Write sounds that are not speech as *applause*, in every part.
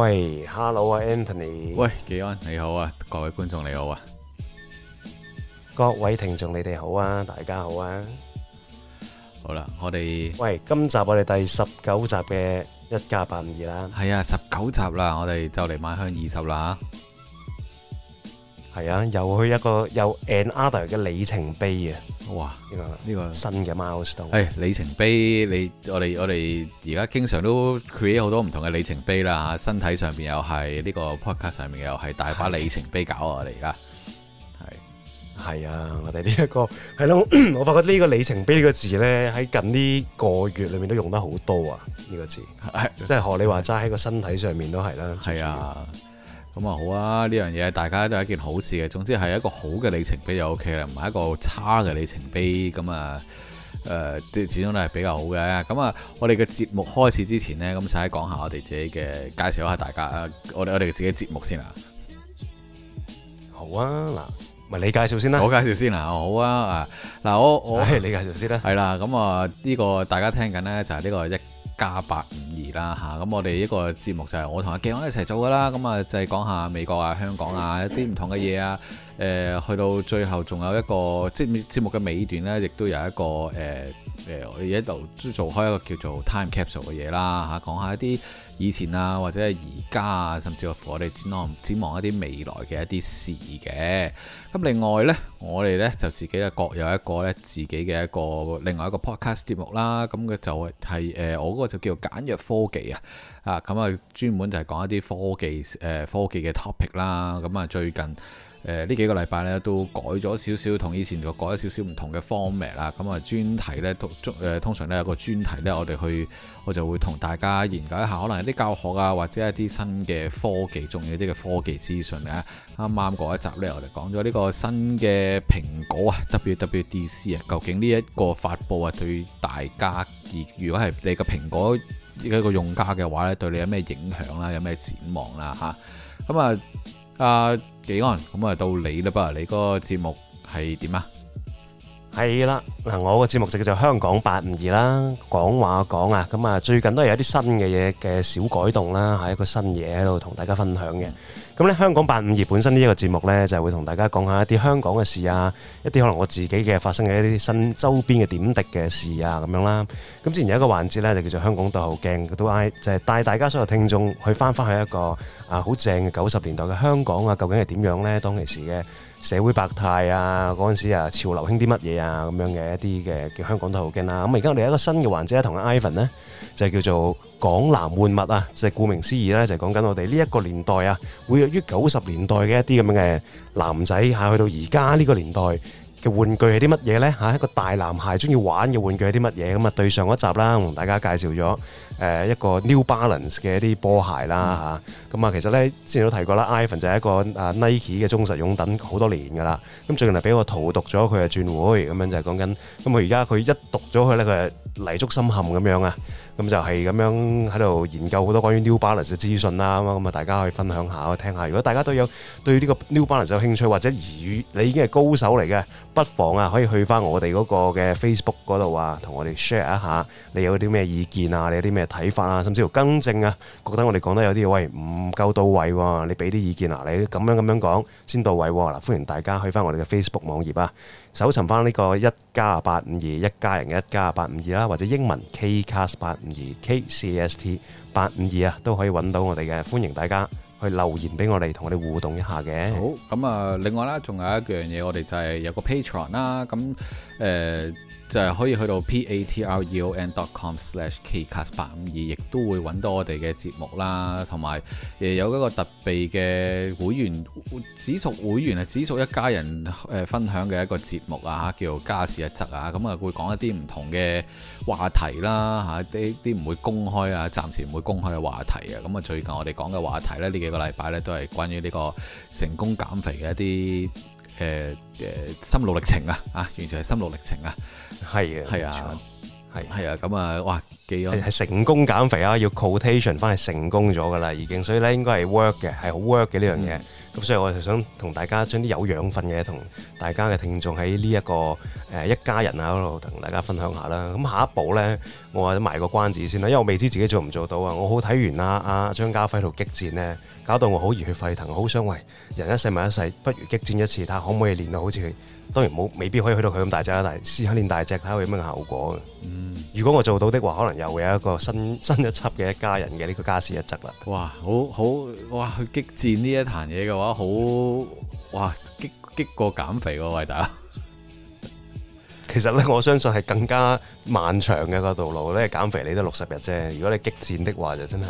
喂，Hello 啊，Anthony。喂，技安，你好啊，各位觀眾你好啊，各位聽眾你哋好啊，大家好啊。好啦，我哋喂，今集我哋第十九集嘅一家八五二啦。係啊，十九集啦，我哋就嚟邁向二十啦。係啊，又去一個有 another 嘅里程碑啊！哇，呢個呢個新嘅 milestone 都係里程碑，你我哋我哋而家經常都 create 好多唔同嘅里程碑啦，吓，身體上邊又係呢個 podcast 上面又係大把里程碑搞啊！我哋而家係，係啊，我哋呢一個係咯，我發覺呢個里程碑呢個字咧，喺近呢個月裏面都用得好多啊！呢個字即係學你話齋喺個身體上面都係啦，係啊。咁啊好啊，呢樣嘢大家都係一件好事嘅。總之係一個好嘅里程碑就 OK 啦，唔係一個差嘅里程碑。咁啊誒，啲、呃、始終都係比較好嘅。咁啊，我哋嘅節目開始之前呢，咁請講一下我哋自己嘅介紹一下大家。我哋我哋自己嘅節目先啊。好啊，嗱，咪你介紹先啦。我介紹先啊，好啊，嗱，我我、哎、你介紹先啦。係啦，咁啊呢個大家聽緊呢，就係呢、呢個一。加八五二啦吓，咁我哋一個節目就係我同阿技安一齊做㗎啦，咁啊就係講下美國啊、香港啊一啲唔同嘅嘢啊、呃，去到最後仲有一個即節目嘅尾段呢，亦都有一個、呃我哋喺度做開一個叫做 Time Capsule 嘅嘢啦，吓講下一啲以前啊，或者係而家啊，甚至乎我哋展望展望一啲未來嘅一啲事嘅。咁另外呢，我哋呢就自己各有一個呢自己嘅一個另外一個 podcast 節目啦。咁佢就係誒，我嗰個就叫做簡約科技啊，啊咁啊專門就係講一啲科技誒、呃、科技嘅 topic 啦。咁啊最近。誒呢、呃、幾個禮拜咧都改咗少少，同以前就改咗少少唔同嘅 format 啦。咁啊，專題呢，通、呃、通常呢有個專題呢，我哋去我就會同大家研究一下，可能有啲教學啊，或者一啲新嘅科技，仲有啲嘅科技資訊嘅。啱啱嗰一集呢，我哋講咗呢個新嘅蘋果啊，WWDC 啊，WW DC, 究竟呢一個發佈啊，對大家而如果係你嘅蘋果一個用家嘅話呢，對你有咩影響啦？有咩展望啦？咁啊～啊啊，技安？咁啊，到你啦噃，你個節目係點啊？係啦，嗱，我個節目就叫做《香講八五二》啦，講話講啊，咁啊，最近都係有啲新嘅嘢嘅小改動啦，係一個新嘢喺度同大家分享嘅。咁咧，香講852本身呢一個節目咧，就會同大家講下一啲香港嘅事啊，一啲可能我自己嘅發生嘅一啲新周邊嘅點滴嘅事啊，咁樣啦。咁之前有一個環節咧，就叫做香港都好驚都 I，就係帶大家所有聽眾去翻翻去一個啊好正嘅九十年代嘅香港啊，究竟係點樣咧？當其時嘅社會百態啊，嗰陣時啊潮流興啲乜嘢啊，咁樣嘅一啲嘅叫香港都好驚啦。咁而家我哋一個新嘅環節咧，同阿 Ivan 咧。就叫做港男玩物啊！就係顧名思義咧，就係講緊我哋呢一個年代啊，活躍於九十年代嘅一啲咁嘅男仔嚇，去到而家呢個年代嘅玩具係啲乜嘢咧嚇？一個大男孩中意玩嘅玩具係啲乜嘢咁啊？對上嗰一集啦，同大家介紹咗誒一個 New Balance 嘅一啲波鞋啦嚇。咁啊，其實咧之前都提過啦，Ivan 就係一個啊 Nike 嘅忠實擁躉，好多年噶啦。咁最近係俾我荼毒咗佢啊轉會咁樣，就係講緊咁啊。而家佢一讀咗佢咧，佢係泥足深陷咁樣啊。咁就係咁樣喺度研究好多關於 New Balance 嘅資訊啦。咁啊，大家可以分享下，我聽下。如果大家都有對呢個 New Balance 有興趣，或者你已經係高手嚟嘅，不妨啊可以去翻我哋嗰個嘅 Facebook 嗰度啊，同我哋 share 一下你有啲咩意見啊，你有啲咩睇法啊，甚至乎更正啊，覺得我哋講得有啲嘢，喂，唔夠到位喎，啊。你俾啲意見啊，你咁樣咁樣講先到位喎，啊。嗱，歡迎大家去翻我哋嘅 Facebook 網頁啊！搜尋翻呢個一家八五二一家人嘅一家八五二啦，或者英文 KCast 八五二 K C S T 八五二啊，都可以揾到我哋嘅，歡迎大家去留言俾我哋，同我哋互動一下嘅。好，咁啊，另外呢仲有一樣嘢，我哋就係有個 Patreon 啦，咁、呃、誒。就係可以去到 patreon.com/slash kcast 八五二，亦都會揾到我哋嘅節目啦，同埋有嗰個特別嘅會員只屬會員啊，只屬一家人分享嘅一個節目啊，叫做家事一則啊，咁啊會講一啲唔同嘅話題啦，啲啲唔會公開啊，暫時唔會公開嘅話題啊，咁啊最近我哋講嘅話題呢，呢幾個禮拜呢，都係關於呢個成功減肥嘅一啲。誒誒心路歷程啊！啊，完全係心路歷程啊！係啊的，係啊的，係係啊，咁啊，哇，記咗係成功減肥啊！要 quotation 翻係成功咗㗎啦，已經，所以咧應該係 work 嘅，係好 work 嘅呢樣嘢。咁、嗯、所以我就想同大家將啲有養分嘅嘢同大家嘅聽眾喺呢一個誒一家人啊嗰度同大家分享一下啦。咁下一步咧，我或者埋個關子先啦，因為我未知自己做唔做到啊！我好睇完啊啊張家輝套激戰咧。搞到我好熱血沸騰，好想為人一世物一世，不如激戰一次，睇下可唔可以練到好似佢。當然冇，未必可以去到佢咁大隻啦，但係試下練大隻，睇下有咩效果。嗯，如果我做到的話，可能又會有一個新新一輯嘅一家人嘅呢個家事一輯啦。哇，好好哇！去激戰呢一壇嘢嘅話，好哇激激過減肥喎喂，大家。其實咧，我相信係更加漫長嘅個道路咧。減肥你都六十日啫，如果你激戰的話，就真係。.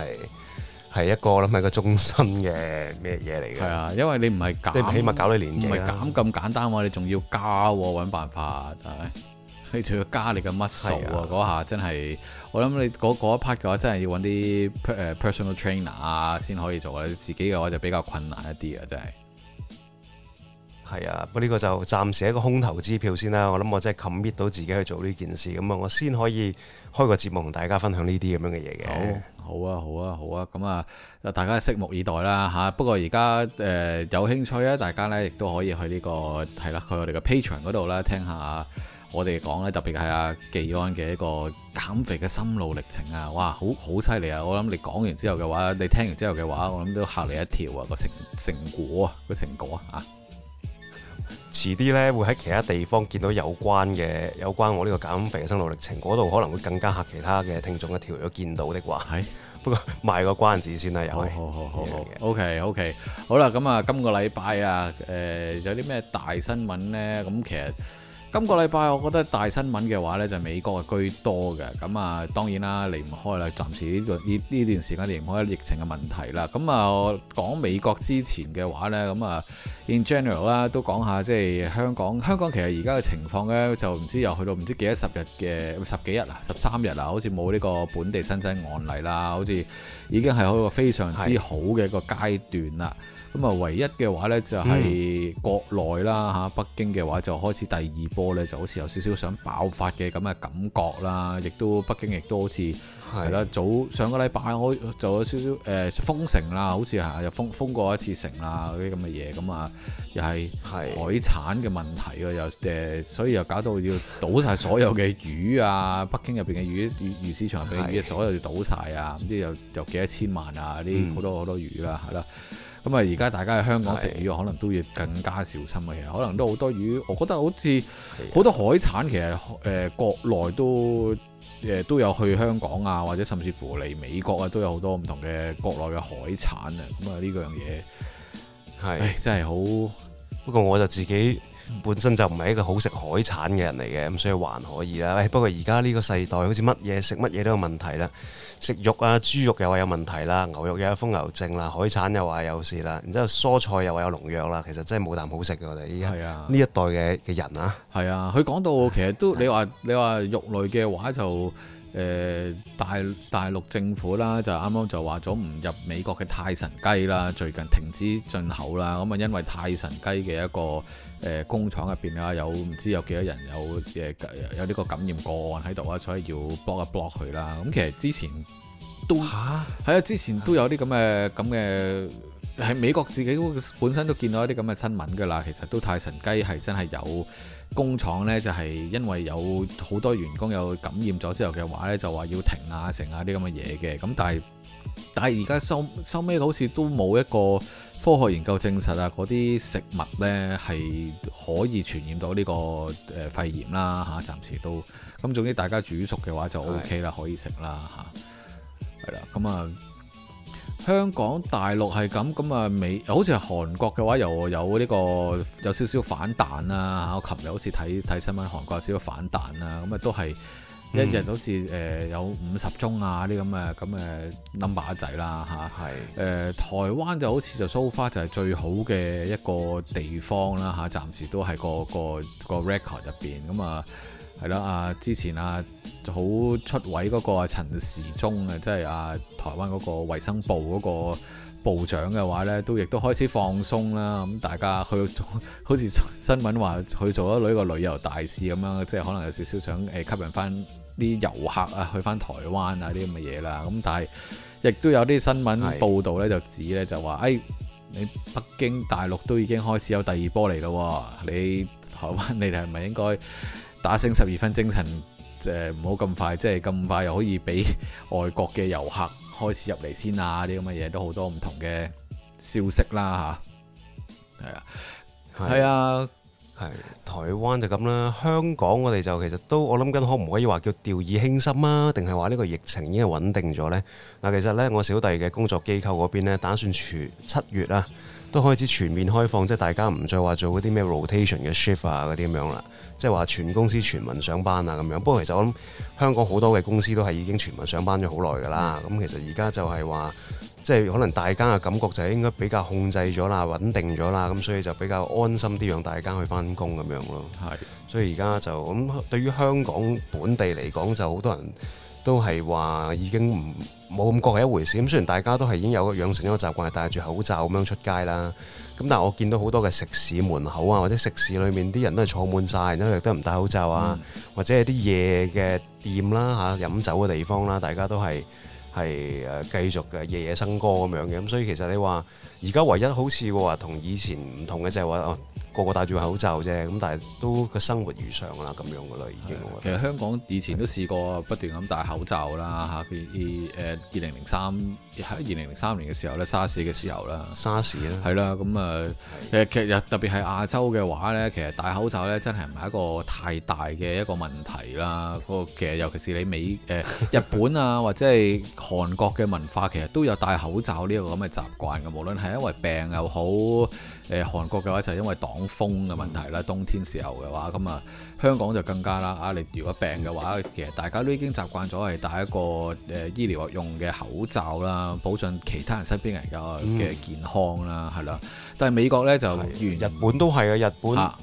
係一個我諗係個終身嘅咩嘢嚟嘅。係啊，因為你唔係減，你起碼搞你年紀。唔係減咁簡單喎，啊，你仲要加揾、啊、辦法。哎、你仲要加你嘅 muscle 啊！嗰、啊、下真係，我諗你嗰一 part 嘅話，真係要揾啲誒 personal trainer 啊，先可以做啦。你自己嘅話就比較困難一啲啊，真係。係啊，不過呢個就暫時一個空頭支票先啦。我諗我真係 commit 到自己去做呢件事，咁啊，我先可以開個節目同大家分享呢啲咁樣嘅嘢嘅。好，啊，好啊，好啊，咁、嗯、啊，大家拭目以待啦吓。不過而家誒有興趣咧，大家咧亦都可以去呢、這個係啦，去我哋嘅 Patreon 嗰度咧聽下我哋講咧，特別係阿紀安嘅一個減肥嘅心路歷程啊，哇，好好犀利啊！我諗你講完之後嘅話，你聽完之後嘅話，我諗都嚇你一跳啊，個成成果啊個成果啊。遲啲咧會喺其他地方見到有關嘅有關我呢個減肥嘅心路歷程，嗰度可能會更加嚇其他嘅聽眾嘅條友見到的話。是不過賣個關子先啦，又。好好好好。Yeah, OK OK、嗯、好啦，咁啊，今個禮拜啊，誒、呃，有啲咩大新聞咧？咁其實。今個禮拜我覺得大新聞嘅話呢，就是、美國係居多嘅。咁啊，當然啦，離唔開啦。暫時呢、呢個呢呢段時間離唔開疫情嘅問題啦。咁啊，講美國之前嘅話呢，咁啊，in general 啦，都講下即係香港。香港其實而家嘅情況呢，就唔知又去到唔知幾多十日嘅十幾日啦、啊、十三日啦、啊、好似冇呢個本地新增案例啦，好似已經係一個非常之好嘅一個階段啦。咁啊，唯一嘅話咧就係國內啦、嗯、北京嘅話就開始第二波咧，就好似有少少想爆發嘅咁嘅感覺啦，亦都北京亦都好似係啦，早上個禮拜我就有少少誒封城啦，好似又封封過一次城啦，嗰啲咁嘅嘢，咁啊又係海產嘅問題啊。又所以又搞到要倒晒所有嘅魚啊，北京入面嘅魚魚市場入面嘅魚，魚，所有要倒晒啊，咁啲又又幾多千萬啊，啲好多好多魚啦，係啦。咁啊！而家大家喺香港食魚是的 可能都要更加小心啊。其實可能都好多魚，我覺得好似好多海產，其實誒、呃、國內都誒、呃、都有去香港啊，或者甚至乎嚟美國啊，都有好多唔同嘅國內嘅海產啊。咁啊，呢樣嘢係真係好。不過我就自己。本身就唔係一個好食海產嘅人嚟嘅，咁所以還可以啦。誒、哎，不過而家呢個世代好似乜嘢食乜嘢都有問題啦，食肉啊，豬肉又話有問題啦，牛肉又有瘋牛症啦，海產又話有事啦，然之後蔬菜又話有農藥啦，其實真係冇啖好食嘅，我哋依家呢一代嘅嘅人啊。係啊，佢講、啊啊、到其實都你話你話肉類嘅話就。誒、呃、大大陸政府啦，就啱啱就話咗唔入美國嘅泰神雞啦，最近停止進口啦。咁啊，因為泰神雞嘅一個誒、呃、工廠入邊啊，有唔知有幾多人有誒有呢個感染個案喺度啊，所以要 block 一 block 佢啦。咁其實之前都嚇，係啊，之前都有啲咁嘅咁嘅喺美國自己本身都見到一啲咁嘅新聞㗎啦。其實都泰神雞係真係有。工廠呢，就係、是、因為有好多員工有感染咗之後嘅話呢就話要停啊、剩啊啲咁嘅嘢嘅。咁但係，但係而家收收尾好似都冇一個科學研究證實啊，嗰啲食物呢係可以傳染到呢、呢個、呃、肺炎啦嚇。暫時都咁，總之大家煮熟嘅話就 OK 啦，的可以食啦嚇。係啦，咁啊。香港、大陸係咁咁啊，美好似韓國嘅話又有呢、這個有少少反彈啦嚇。我琴日好似睇睇新聞，韓國有少少反彈啦，咁啊都係一日好似、嗯呃、有五十宗啊啲咁啊咁誒 number 仔啦嚇。係誒是、呃、台灣就好似就 so far 就係最好嘅一個地方啦嚇，暫、啊、時都係個個個 record 入邊咁啊。係啦，啊之前啊好出位嗰個陳時忠啊，即係啊台灣嗰個衛生部嗰個部長嘅話呢，都亦都開始放鬆啦。咁大家去好似新聞話去做咗一個旅遊大使咁樣，即係可能有少少想誒吸引翻啲遊客啊去翻台灣啊啲咁嘅嘢啦。咁但係亦都有啲新聞報導呢，就指呢，是的 就話誒、哎、你北京大陸都已經開始有第二波嚟啦，你台灣你哋係咪應該？打醒十二分精神，誒唔好咁快，即係咁快又可以俾外國嘅遊客開始入嚟先啊！啲咁嘅嘢都好多唔同嘅消息啦嚇，係啊，係啊，係。台灣就咁啦，香港我哋就其實都我諗緊可唔可以話叫掉以輕心啊？定係話呢個疫情已經係穩定咗呢？嗱，其實呢，我小弟嘅工作機構嗰邊呢打算除七月啊。都開始全面開放，即係大家唔再話做嗰啲咩 rotation 嘅 shift 啊，嗰啲咁樣啦。即係話全公司全民上班啊，咁樣。不過其實我諗香港好多嘅公司都係已經全民上班咗好耐噶啦。咁、嗯、其實而家就係話，即係可能大家嘅感覺就係應該比較控制咗啦，穩定咗啦，咁所以就比較安心啲，讓大家去返工咁樣咯。係的，所以而家就咁對於香港本地嚟講，就好多人。都係話已經唔冇咁覺係一回事咁，雖然大家都係已經有養成一個習慣係戴住口罩咁樣出街啦，咁但係我見到好多嘅食肆門口啊，或者食肆裏面啲人都係坐滿晒，然之後亦都唔戴口罩啊，嗯、或者係啲夜嘅店啦嚇、飲酒嘅地方啦，大家都係係誒繼續嘅夜夜笙歌咁樣嘅，咁所以其實你話。而家唯一好似話同以前唔同嘅就係話個，個個戴住口罩啫，咁但係都個生活如常啦，咁樣噶啦，已經的。其實香港以前都試過不斷咁戴口罩啦，吓的，譬如二零零三二零零三年嘅時候咧沙士嘅時候啦沙士啦，係啦，咁啊誒，呃、的其實特別係亞洲嘅話咧，其實戴口罩咧真係唔係一個太大嘅一個問題啦。嗰個其實尤其是你美誒、呃、 *laughs* 日本啊或者係韓國嘅文化，其實都有戴口罩呢個咁嘅習慣嘅，無論係。因為病又好，誒韓國嘅話就係因為擋風嘅問題啦，冬天時候嘅話，咁啊香港就更加啦。啊，你如果病嘅話，其實大家都已經習慣咗係戴一個誒醫療用嘅口罩啦，保障其他人身邊人嘅嘅健康啦，係、嗯、啦。但係美國咧就日，日本都係啊，日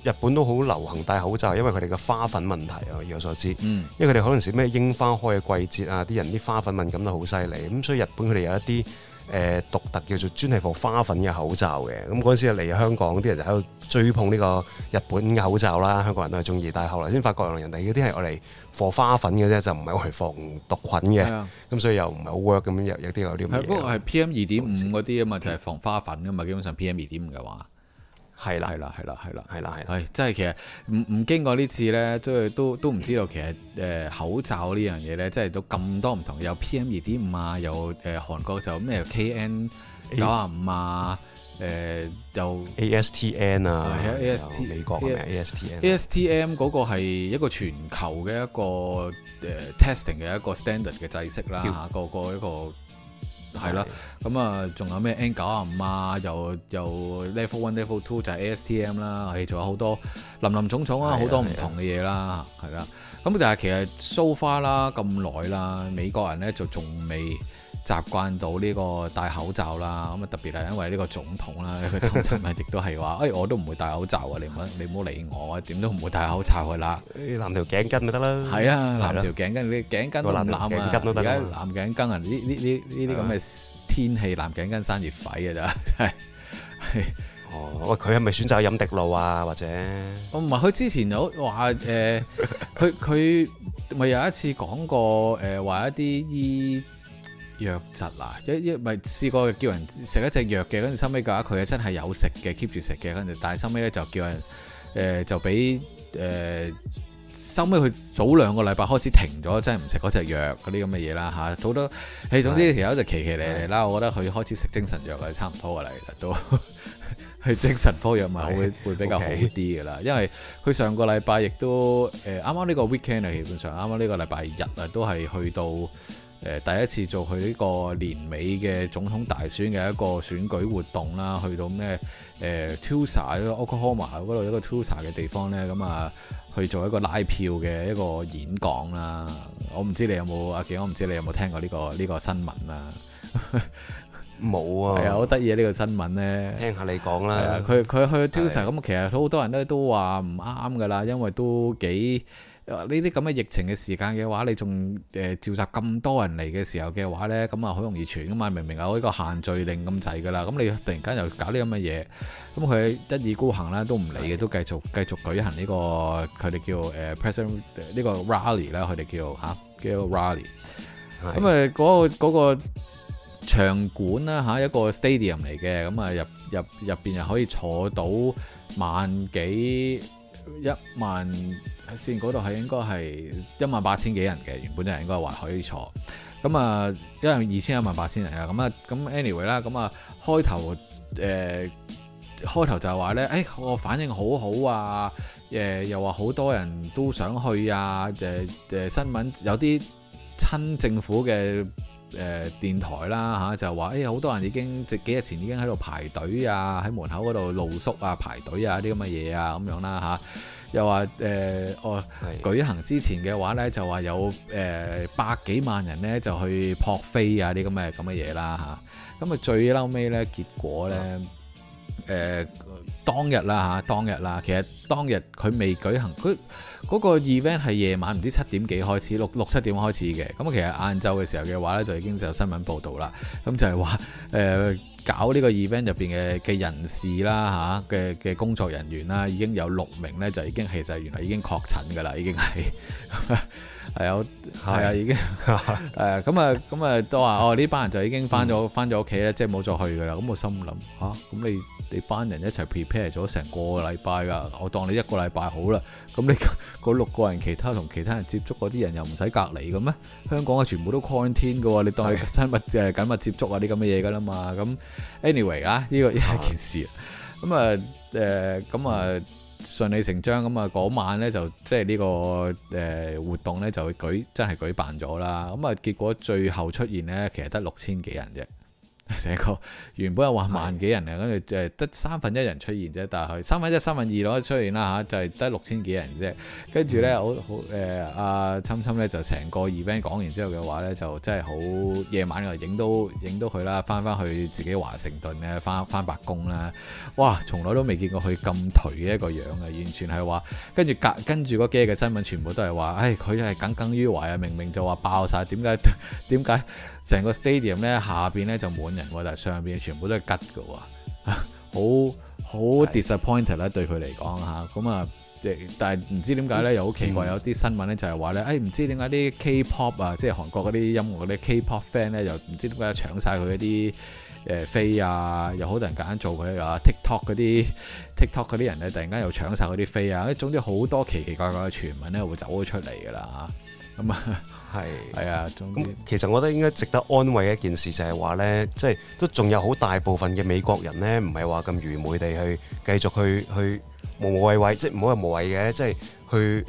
本日本都好流行戴口罩，因為佢哋嘅花粉問題啊，我以我所知，嗯、因為佢哋可能係咩櫻花開嘅季節啊，啲人啲花粉敏感得好犀利，咁所以日本佢哋有一啲。誒獨特叫做專係防花粉嘅口罩嘅，咁嗰陣時嚟香港啲人就喺度追捧呢個日本嘅口罩啦，香港人都係中意，但係後來先發覺原來人哋嗰啲係我嚟防花粉嘅啫，就唔係我嚟防毒菌嘅，咁所以又唔係好 work 咁，有有啲有啲唔嘢。係不過係 P M 二5五嗰啲啊嘛，就係防花粉噶嘛，基本上 P M 二點五嘅話。係啦，係啦，係啦，係啦，係啦，係，真係其實唔唔經過呢次咧，都都都唔知道其實誒、呃、口罩呢樣嘢咧，真係都咁多唔同，有 PM 二點五啊，有、呃、誒韓國就咩 KN 九啊五啊，誒、呃、又 ASTN 啊，AST 美國嘅 ASTN？ASTN 嗰個係一個全球嘅一個誒、呃、testing 嘅一個 standard 嘅制式啦，嚇個、嗯、個一個。係啦，咁啊，仲有咩 N 九啊五啊，又又 level one、level two 就係 ASTM 啦，係仲有好多林林種種啊，好的多唔同嘅嘢啦，係啦，咁但係其實 so far 啦咁耐啦，美國人咧就仲未。習慣到呢個戴口罩啦，咁啊特別係因為呢個總統啦，佢總統咪亦都係話： *laughs* 哎，我都唔會戴口罩啊！你唔好你唔好理我，啊，點都唔會戴口罩去啦。藍條頸巾咪得啦。係啊，藍條頸巾，你頸巾、啊、巾都唔攬啊。而家藍頸巾啊，呢呢呢呢啲咁嘅天氣，藍頸巾生熱痱啊。咋，真係。哦，喂，佢係咪選擇飲滴露啊？或者我唔係佢之前有話誒，佢佢咪有一次講過誒，話、呃、一啲醫。藥疾啊，一一咪試過叫人食一隻藥嘅，跟住收尾嘅話佢真係有食嘅，keep 住食嘅，跟住，但係收尾咧就叫人誒、呃、就俾誒收尾佢早兩個禮拜開始停咗，真係唔食嗰隻藥嗰啲咁嘅嘢啦嚇，好多誒總之條友就奇奇嚟嚟啦，對我覺得佢開始食精神藥係差唔多㗎啦，其實都係 *laughs* 精神科藥咪會對會比較好啲㗎啦，okay. 因為佢上個禮拜亦都誒啱啱呢個 weekend 啊，基本上啱啱呢個禮拜日啊都係去到。誒、呃、第一次做佢呢個年尾嘅總統大選嘅一個選舉活動啦，去到咩誒、呃、Tulsa 喺、啊、個 Oklahoma 嗰度一個 Tulsa 嘅地方咧，咁、嗯、啊去做一個拉票嘅一個演講啦。我唔知道你有冇阿健，我唔知你有冇聽過呢、這個呢、這個新聞啊？冇 *laughs* 啊，係啊，好得意啊！呢、這個新聞咧，聽下你講啦。佢佢去 Tulsa 咁對，其實好多人都都話唔啱噶啦，因為都幾。呢啲咁嘅疫情嘅時間嘅話，你仲誒召集咁多人嚟嘅時候嘅話咧，咁啊好容易傳㗎嘛。明明有呢個限聚令咁滯噶啦，咁你突然間又搞呢咁嘅嘢，咁佢一意孤行啦，都唔理嘅，都繼續繼續舉行呢個佢哋叫誒 President 呢個 rally 啦，佢哋叫嚇叫 rally。咁啊，嗰個嗰個場館啦嚇，一個 stadium 嚟嘅，咁啊入入入面又可以坐到萬幾一萬。線嗰度係應該係一萬八千幾人嘅，原本就應該話可以坐。咁啊，因為二千一萬八千人啊，咁啊，咁 anyway 啦，咁啊，開頭誒、呃、開頭就話咧，誒、欸、我反應好好啊，誒、呃、又話好多人都想去啊，誒、呃、誒、呃、新聞有啲親政府嘅誒、呃、電台啦嚇、啊，就話誒好多人已經即幾日前已經喺度排隊啊，喺門口嗰度露宿啊，排隊啊啲咁嘅嘢啊，咁樣啦、啊、嚇。啊又話誒哦，呃、舉行之前嘅話咧，是的 就話有誒、呃、百幾萬人咧，就去撲飛啊啲咁嘅咁嘅嘢啦嚇。咁啊最嬲尾咧，結果咧誒、啊呃、當日啦嚇、啊，當日啦，其實當日佢未舉行佢。嗰個 event 係夜晚唔知七點幾開始，六六七點開始嘅，咁其實晏晝嘅時候嘅話呢，就已經有新聞報道啦。咁就係話、呃、搞呢個 event 入邊嘅嘅人士啦嘅嘅、啊、工作人員啦，已經有六名呢，就已經其實原來已經確診㗎啦，已經係。 *laughs* 係啊，係啊，已經誒咁啊，咁 *laughs* 啊、嗯嗯、都話哦，呢班人就已經翻咗翻咗屋企咧，即係冇再去噶啦。咁我心諗吓，咁、啊、你你班人一齊 prepare 咗成個禮拜噶，我當你一個禮拜好啦。咁你個六個人其他同其他人接觸嗰啲人又唔使隔離嘅咩？香港啊，全部都 contain 嘅喎，你當係親密誒的、啊、緊密接觸啊啲咁嘅嘢㗎啦嘛。咁 anyway 啊，呢、這個係一件事。咁啊誒咁啊。嗯啊嗯啊順理成章咁啊！嗰晚咧就即係呢個誒活動咧就舉真係舉辦咗啦，咁啊結果最後出現咧其實得六千幾人啫。成個原本係話萬幾人嘅，跟住就係得三分一人出現啫。但係佢三分一、三分二攞出現啦嚇、啊，就係、是、得六千幾人啫。跟住咧，好好誒，阿、啊、琛琛咧就成個 event 講完之後嘅話咧，就真係好夜晚嘅影到影到佢啦，翻翻去自己華盛頓咧翻翻白宮啦。哇！從來都未見過佢咁頹嘅一個樣啊，完全係話跟住隔跟住幾日嘅新聞全部都係話，誒佢係耿耿於懷啊！明明就話爆晒，點解點解成個 stadium 咧下邊咧就滿人喎，但上邊全部都係吉㗎喎，好好 disappointed 啦對佢嚟講嚇，咁啊，但係唔知點解咧，又好奇怪有啲新聞咧就係話咧，誒、哎、唔知點解啲 K-pop 啊，即係韓國嗰啲音樂嗰啲 K-pop fan 咧，又唔知點解搶晒佢嗰啲誒飛啊，又好多人揀做佢啊，TikTok 嗰啲 TikTok 嗰啲人咧，突然間又搶晒嗰啲飛啊，總之好多奇奇怪怪嘅傳聞咧會走咗出嚟㗎啦。咁啊，係係啊，咁、哎、其實我覺得應該值得安慰一件事就係話咧，即係都仲有好大部分嘅美國人咧，唔係話咁愚昧地去繼續去去無謂、就是、無畏畏，即係唔好話無謂嘅，即係去。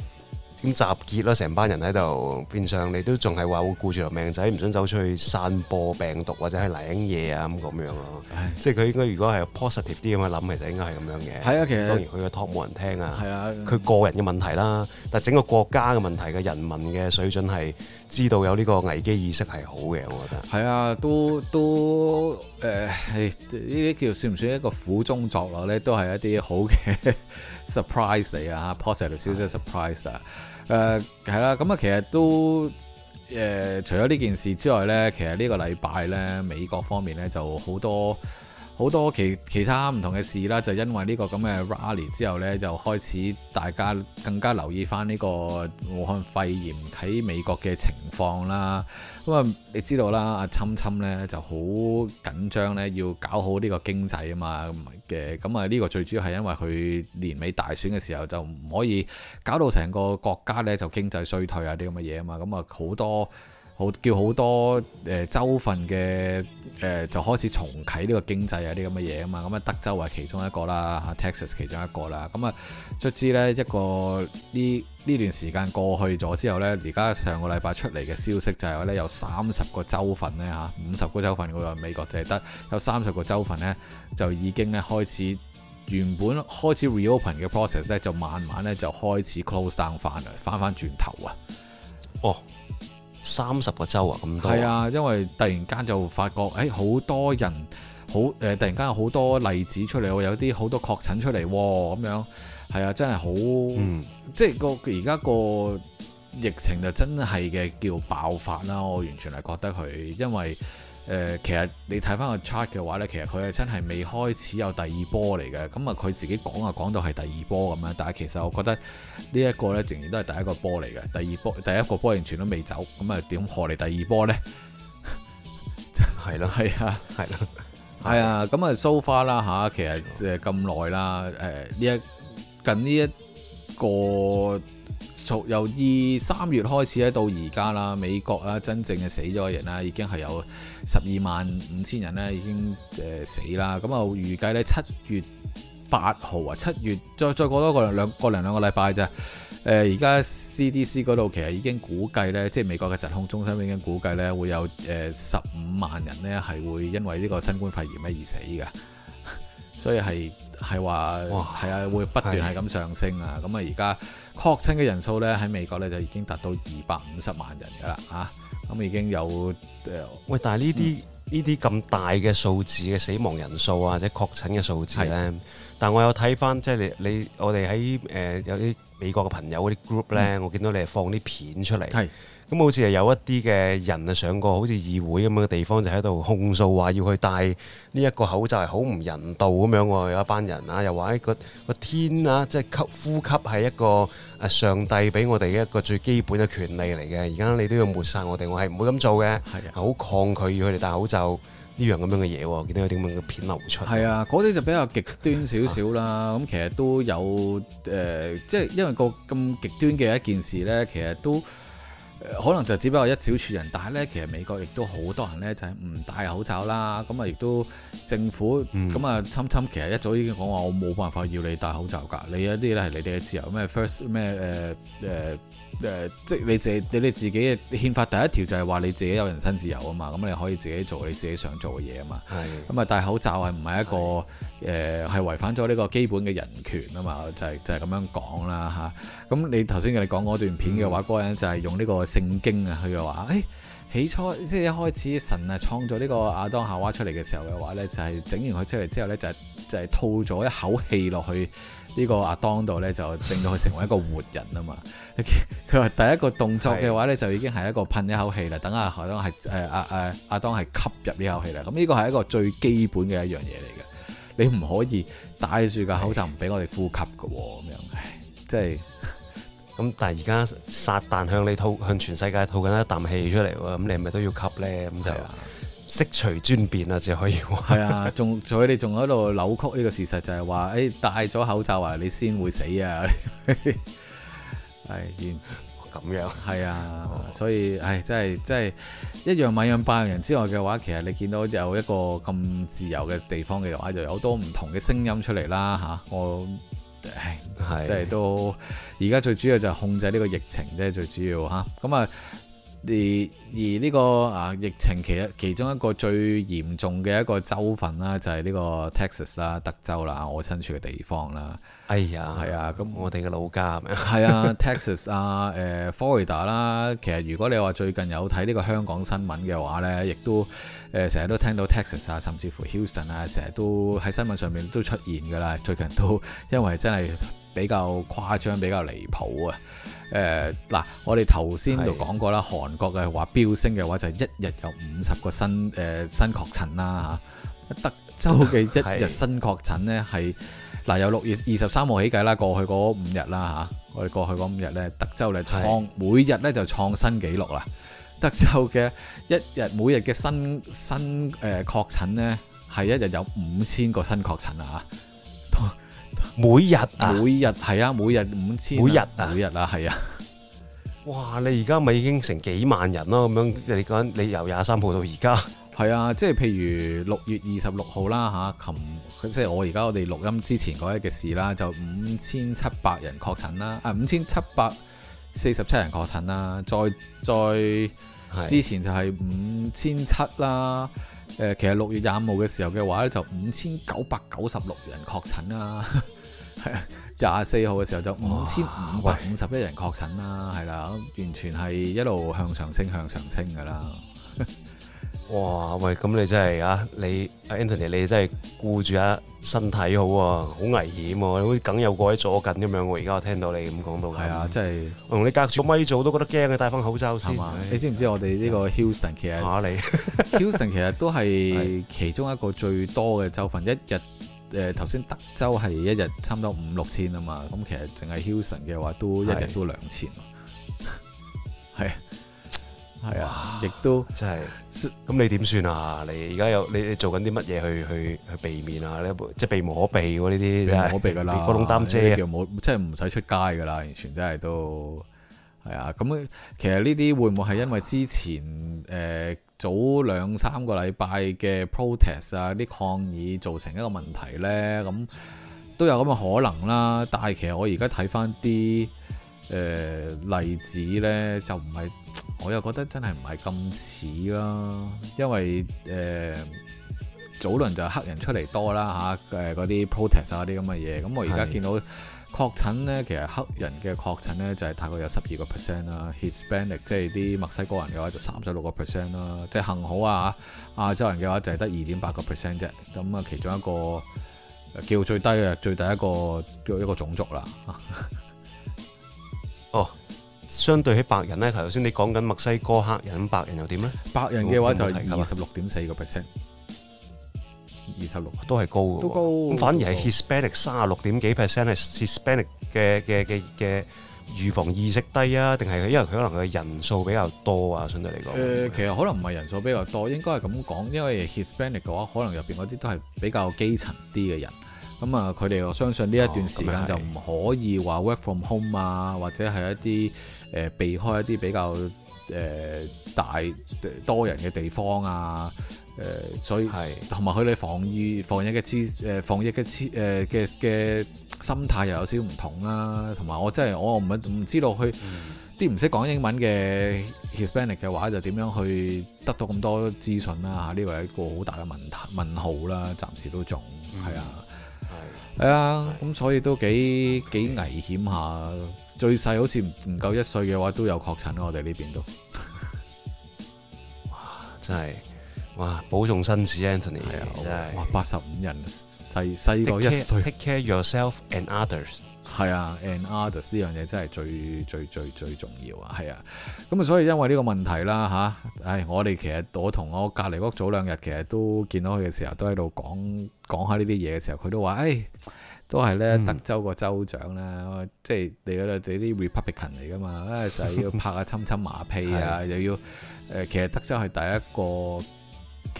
咁集結啦，成班人喺度，變相你都仲係話會顧住條命仔，唔想走出去散播病毒或者係攔嘢啊咁咁樣咯。唉即係佢應該如果係有 positive 啲咁樣諗，其實應該係咁樣嘅。係啊，其實當然佢嘅 talk 冇人聽啊。啊的，佢個人嘅問題啦，的但整個國家嘅問題嘅人民嘅水準係知道有呢個危機意識係好嘅，我覺得。係啊，都都誒，呢、呃、啲叫算唔算一個苦中作樂咧？都係一啲好嘅。 *laughs* surprise 你啊嚇，post 到少少 surprise 啊，誒係啦，咁啊、uh, 其實都誒、呃、除咗呢件事之外咧，其實這個呢個禮拜咧美國方面咧就好多。好多其其他唔同嘅事啦，就因為呢個咁嘅 Rally 之後呢，就開始大家更加留意返呢個武漢肺炎喺美國嘅情況啦。咁、嗯、啊，你知道啦，阿侵侵呢就好緊張呢要搞好呢個經濟啊嘛嘅。咁啊，呢、嗯這個最主要係因為佢年尾大選嘅時候就唔可以搞到成個國家呢就經濟衰退啊啲咁嘅嘢啊嘛。咁、嗯、啊，好多。好叫好多誒、呃、州份嘅誒、呃、就開始重啟呢個經濟啊啲咁嘅嘢啊嘛，咁啊德州係其中一個啦，嚇 Texas 其中一個啦，咁啊卒之呢一個呢呢段時間過去咗之後呢，而家上個禮拜出嚟嘅消息就係話呢，有三十個州份呢。嚇五十個州份喎美國就係得有三十個州份呢，就已經咧開始原本開始 reopen 嘅 process 呢，就慢慢呢，就開始 close down 翻啦，翻翻轉頭啊，哦。三十個州啊，咁多係啊，因為突然間就發覺，誒、欸、好多人，好誒突然間有好多例子出嚟，我有啲好多確診出嚟喎，咁樣係啊，真係好，嗯、即係個而家個疫情就真係嘅叫爆發啦，我完全係覺得佢，因為。誒、呃，其實你睇翻個 chart 嘅話咧，其實佢係真係未開始有第二波嚟嘅。咁啊，佢自己講啊講到係第二波咁樣，但係其實我覺得這呢一個咧仍然都係第一個波嚟嘅。第二波，第一個波完全都未走，咁啊點嚟你第二波咧？係 *laughs* 咯，係啊，係咯的，係啊的。咁啊的，so far 啦吓，其實即係咁耐啦，誒呢一近呢、這、一個。由二三月開始咧，到而家啦，美國啊，真正嘅死咗嘅人咧，已經係有十二萬五千人咧，已經誒死啦。咁啊，預計咧七月八號啊，七月再再過多個兩個零兩個禮拜啫。誒而家 CDC 嗰度其實已經估計呢，即係美國嘅疾控中心已經估計呢，會有誒十五萬人呢係會因為呢個新冠肺炎咧而死嘅。所以係係話係啊，會不斷係咁上升啊。咁啊的，而家。確診嘅人數咧喺美國咧就已經達到二百五十萬人㗎啦，啊，咁、嗯、已經有誒，呃、喂，但係呢啲呢啲咁大嘅數字嘅死亡人數啊，或者確診嘅數字咧，是的 但我有睇返即係你你我哋喺誒有啲美國嘅朋友嗰啲 group 咧，嗯、我見到你係放啲片出嚟。咁好似係有一啲嘅人啊，上過好似議會咁樣嘅地方，就喺度控訴話要去戴呢一個口罩係好唔人道咁樣喎。有一班人啊，又話個個天啊，即係吸呼吸係一個上帝俾我哋一個最基本嘅權利嚟嘅。而家你都要抹殺我哋，我係唔會咁做嘅。係啊，好抗拒要佢哋戴口罩呢樣咁樣嘅嘢喎。見到有啲咁嘅片流出，係啊，嗰啲就比較極端少少啦。咁、啊、其實都有、呃、即係因為個咁極端嘅一件事咧，其實都。可能就只不過一小撮人，但係咧，其實美國亦都好多人咧就係唔戴口罩啦。咁啊，亦都政府咁啊，侵侵、嗯、其實一早已經講話，我冇辦法要你戴口罩㗎。你一啲咧係你哋嘅自由，咩 first 咩誒誒。呃呃嗯誒、呃，即係你自己，你自己嘅憲法第一條就係話你自己有人身自由啊嘛，咁你可以自己做你自己想做嘅嘢啊嘛。係。咁啊，戴口罩係唔係一個誒係是的、呃、違反咗呢個基本嘅人權啊嘛？就係、是、就係、是、咁樣講啦嚇。咁、啊、你頭先你講嗰段片嘅話，嗰、嗯、個人就係用呢個聖經啊，佢又話：誒，起初即係一開始神啊創造呢個亞當夏娃出嚟嘅時候嘅話咧，就係、是、整完佢出嚟之後咧，就係、是、就係、是、吐咗一口氣落去。呢個阿當度咧就令到佢成為一個活人啊嘛！佢佢話第一個動作嘅話咧就已經係一個噴一口氣啦，是的 等下阿當係、呃啊啊、阿當係誒阿誒阿當係吸入呢口氣啦。咁呢個係一個最基本嘅一樣嘢嚟嘅，你唔可以戴住個口罩唔俾我哋呼吸嘅喎。咁是的 樣，唉即係咁，但係而家撒旦向你吐向全世界吐緊一啖氣出嚟喎，咁你係咪都要吸咧？咁就。悉隨尊便啊，就可以話係啊，仲所以你仲喺度扭曲呢個事實，就係話誒戴咗口罩啊，你先會死啊！係完全咁樣，係啊，哦、所以唉，真係真係一樣米養百樣人之外嘅話，其實你見到有一個咁自由嘅地方嘅話，就有好多唔同嘅聲音出嚟啦吓，我誒，係即係都而家最主要就係控制呢個疫情啫，最主要吓，咁啊！而而呢個啊疫情其實其中一個最嚴重嘅一個州份啦，就係呢個 Texas 啦，德州啦，我身處嘅地方啦。哎呀，係啊，咁我哋嘅老家。係啊 *laughs* ，Texas 啊，誒 Florida 啦，其實如果你話最近有睇呢個香港新聞嘅話呢，亦都誒成日都聽到 Texas 啊，甚至乎 Houston 啊，成日都喺新聞上面都出現噶啦。最近都因為真係，比較誇張，比較離譜啊！誒、呃、嗱，我哋頭先就講過啦，的韓國嘅話飆升嘅話就係、一日有五十個新誒、呃、新確診啦嚇，德州嘅一日新確診呢，係嗱的的由六月二十三號起計啦，過去嗰五日啦吓，我哋過去嗰五日呢，德州呢創的每日呢就創新紀錄啦，德州嘅一日每日嘅新新誒、呃、確診呢，係一日有五千個新確診啊嚇。每日、啊、每日係啊，每日五千、啊。每日啊，每日啊，係啊。哇！你而家咪已經成幾萬人咯、啊，咁樣你講你由廿三號到而家係啊，即係譬如六月二十六號啦吓，琴即係我而家我哋錄音之前嗰日嘅事啦，就五千七百人確診啦,啊，五千七百四十七人確診啦，再再是之前就係五千七啦。誒、呃，其實六月廿五號嘅時候嘅話咧，就五千九百九十六人確診啦。係啊，廿四號嘅時候就五千五百五十一人確診啦，係啦，完全係一路向上升，向上升噶啦。哇，喂，咁你真係啊，你 Anthony，你真係顧住啊身體好啊，好危險喎、啊，你好似梗有個喺左近咁樣喎。而家我聽到你咁講到，係啊，真係我同你隔住個咪做，都覺得驚佢戴翻口罩先。你知唔知我哋呢個 Houston 其實吓、啊、你 *laughs* ，Houston 其實都係其中一個最多嘅州份，的一日。誒頭先德州係一日差唔多五六千啊嘛，咁其實淨係 Hilton 嘅話，都一日都兩千，係係啊，亦都真係。咁你點算啊？你而家有你你做緊啲乜嘢去去去避免啊？呢即係避無可避喎，呢啲避無可避㗎喇，坐龍擔車叫冇，即係唔使出街㗎喇，完全真係都係啊。咁其實呢啲會唔會係因為之前誒？早兩三個禮拜嘅 protest 啊，啲抗議造成一個問題呢，咁都有咁嘅可能啦。但係其實我而家睇返啲誒例子呢，就唔係，我又覺得真係唔係咁似啦，因為誒、呃、早輪就黑人出嚟多啦嚇，誒嗰啲 protest 啊、啲咁嘅嘢，咁我而家見到確診咧，其實黑人嘅確診咧就係、是、大概有十二個、啊、percent 啦，Hispanic 即係啲墨西哥人嘅話就三十六個 percent 啦，即、啊、係、就是、幸好啊亞洲人嘅話就係得二點八個 percent 啫，咁啊，其中一個叫最低嘅最低一個叫一個種族啦。 *laughs* 哦，相對起白人咧，頭先你講緊墨西哥黑人白人又點咧？白人嘅話就係二十六點四個 percent。二十六都係高喎，都高。咁反而係 Hispanic 三十六點幾 percent，係 Hispanic 嘅嘅嘅嘅預防意識低啊？定係因為佢可能佢人數比較多啊？相對嚟講，誒、呃、其實可能唔係人數比較多，應該係咁講，因為 Hispanic 嘅話，可能入邊嗰啲都係比較基層啲嘅人。咁啊，佢哋又相信呢一段時間就唔可以話 work from home 啊，或者係一啲誒、呃、避開一啲比較誒、呃、大多人嘅地方啊。誒，所以係同埋佢哋防疫防疫嘅資誒防疫嘅資嘅嘅心態又有少少唔同啦、啊，同埋我真係我唔唔知道佢啲唔識講英文嘅 Hispanic 嘅話就點樣去得到咁多資訊啦、啊、嚇？呢個係一個好大嘅問問號啦，暫時都仲係啊係啊，咁所以都幾的幾危險嚇、啊。的最細好似唔夠一歲嘅話都有確診、啊，我哋呢邊都 *laughs* 哇，真係～哇！保重身子，Anthony 係啊的！是哇！八十五人細細個一歲。Take care yourself and others 係啊！And others 呢樣嘢真係最最最最重要啊！係啊！咁啊，所以因為呢個問題啦吓，唉，我哋其實我同我隔離屋早兩日其實都見到佢嘅時候，都喺度講講下呢啲嘢嘅時候，佢都話，唉，都係咧，德州個州長咧，嗯、即係你嗰度啲 Republican 嚟㗎嘛，啊，就係、要拍下親親馬屁啊，又 *laughs* 的要誒，其實德州係第一個。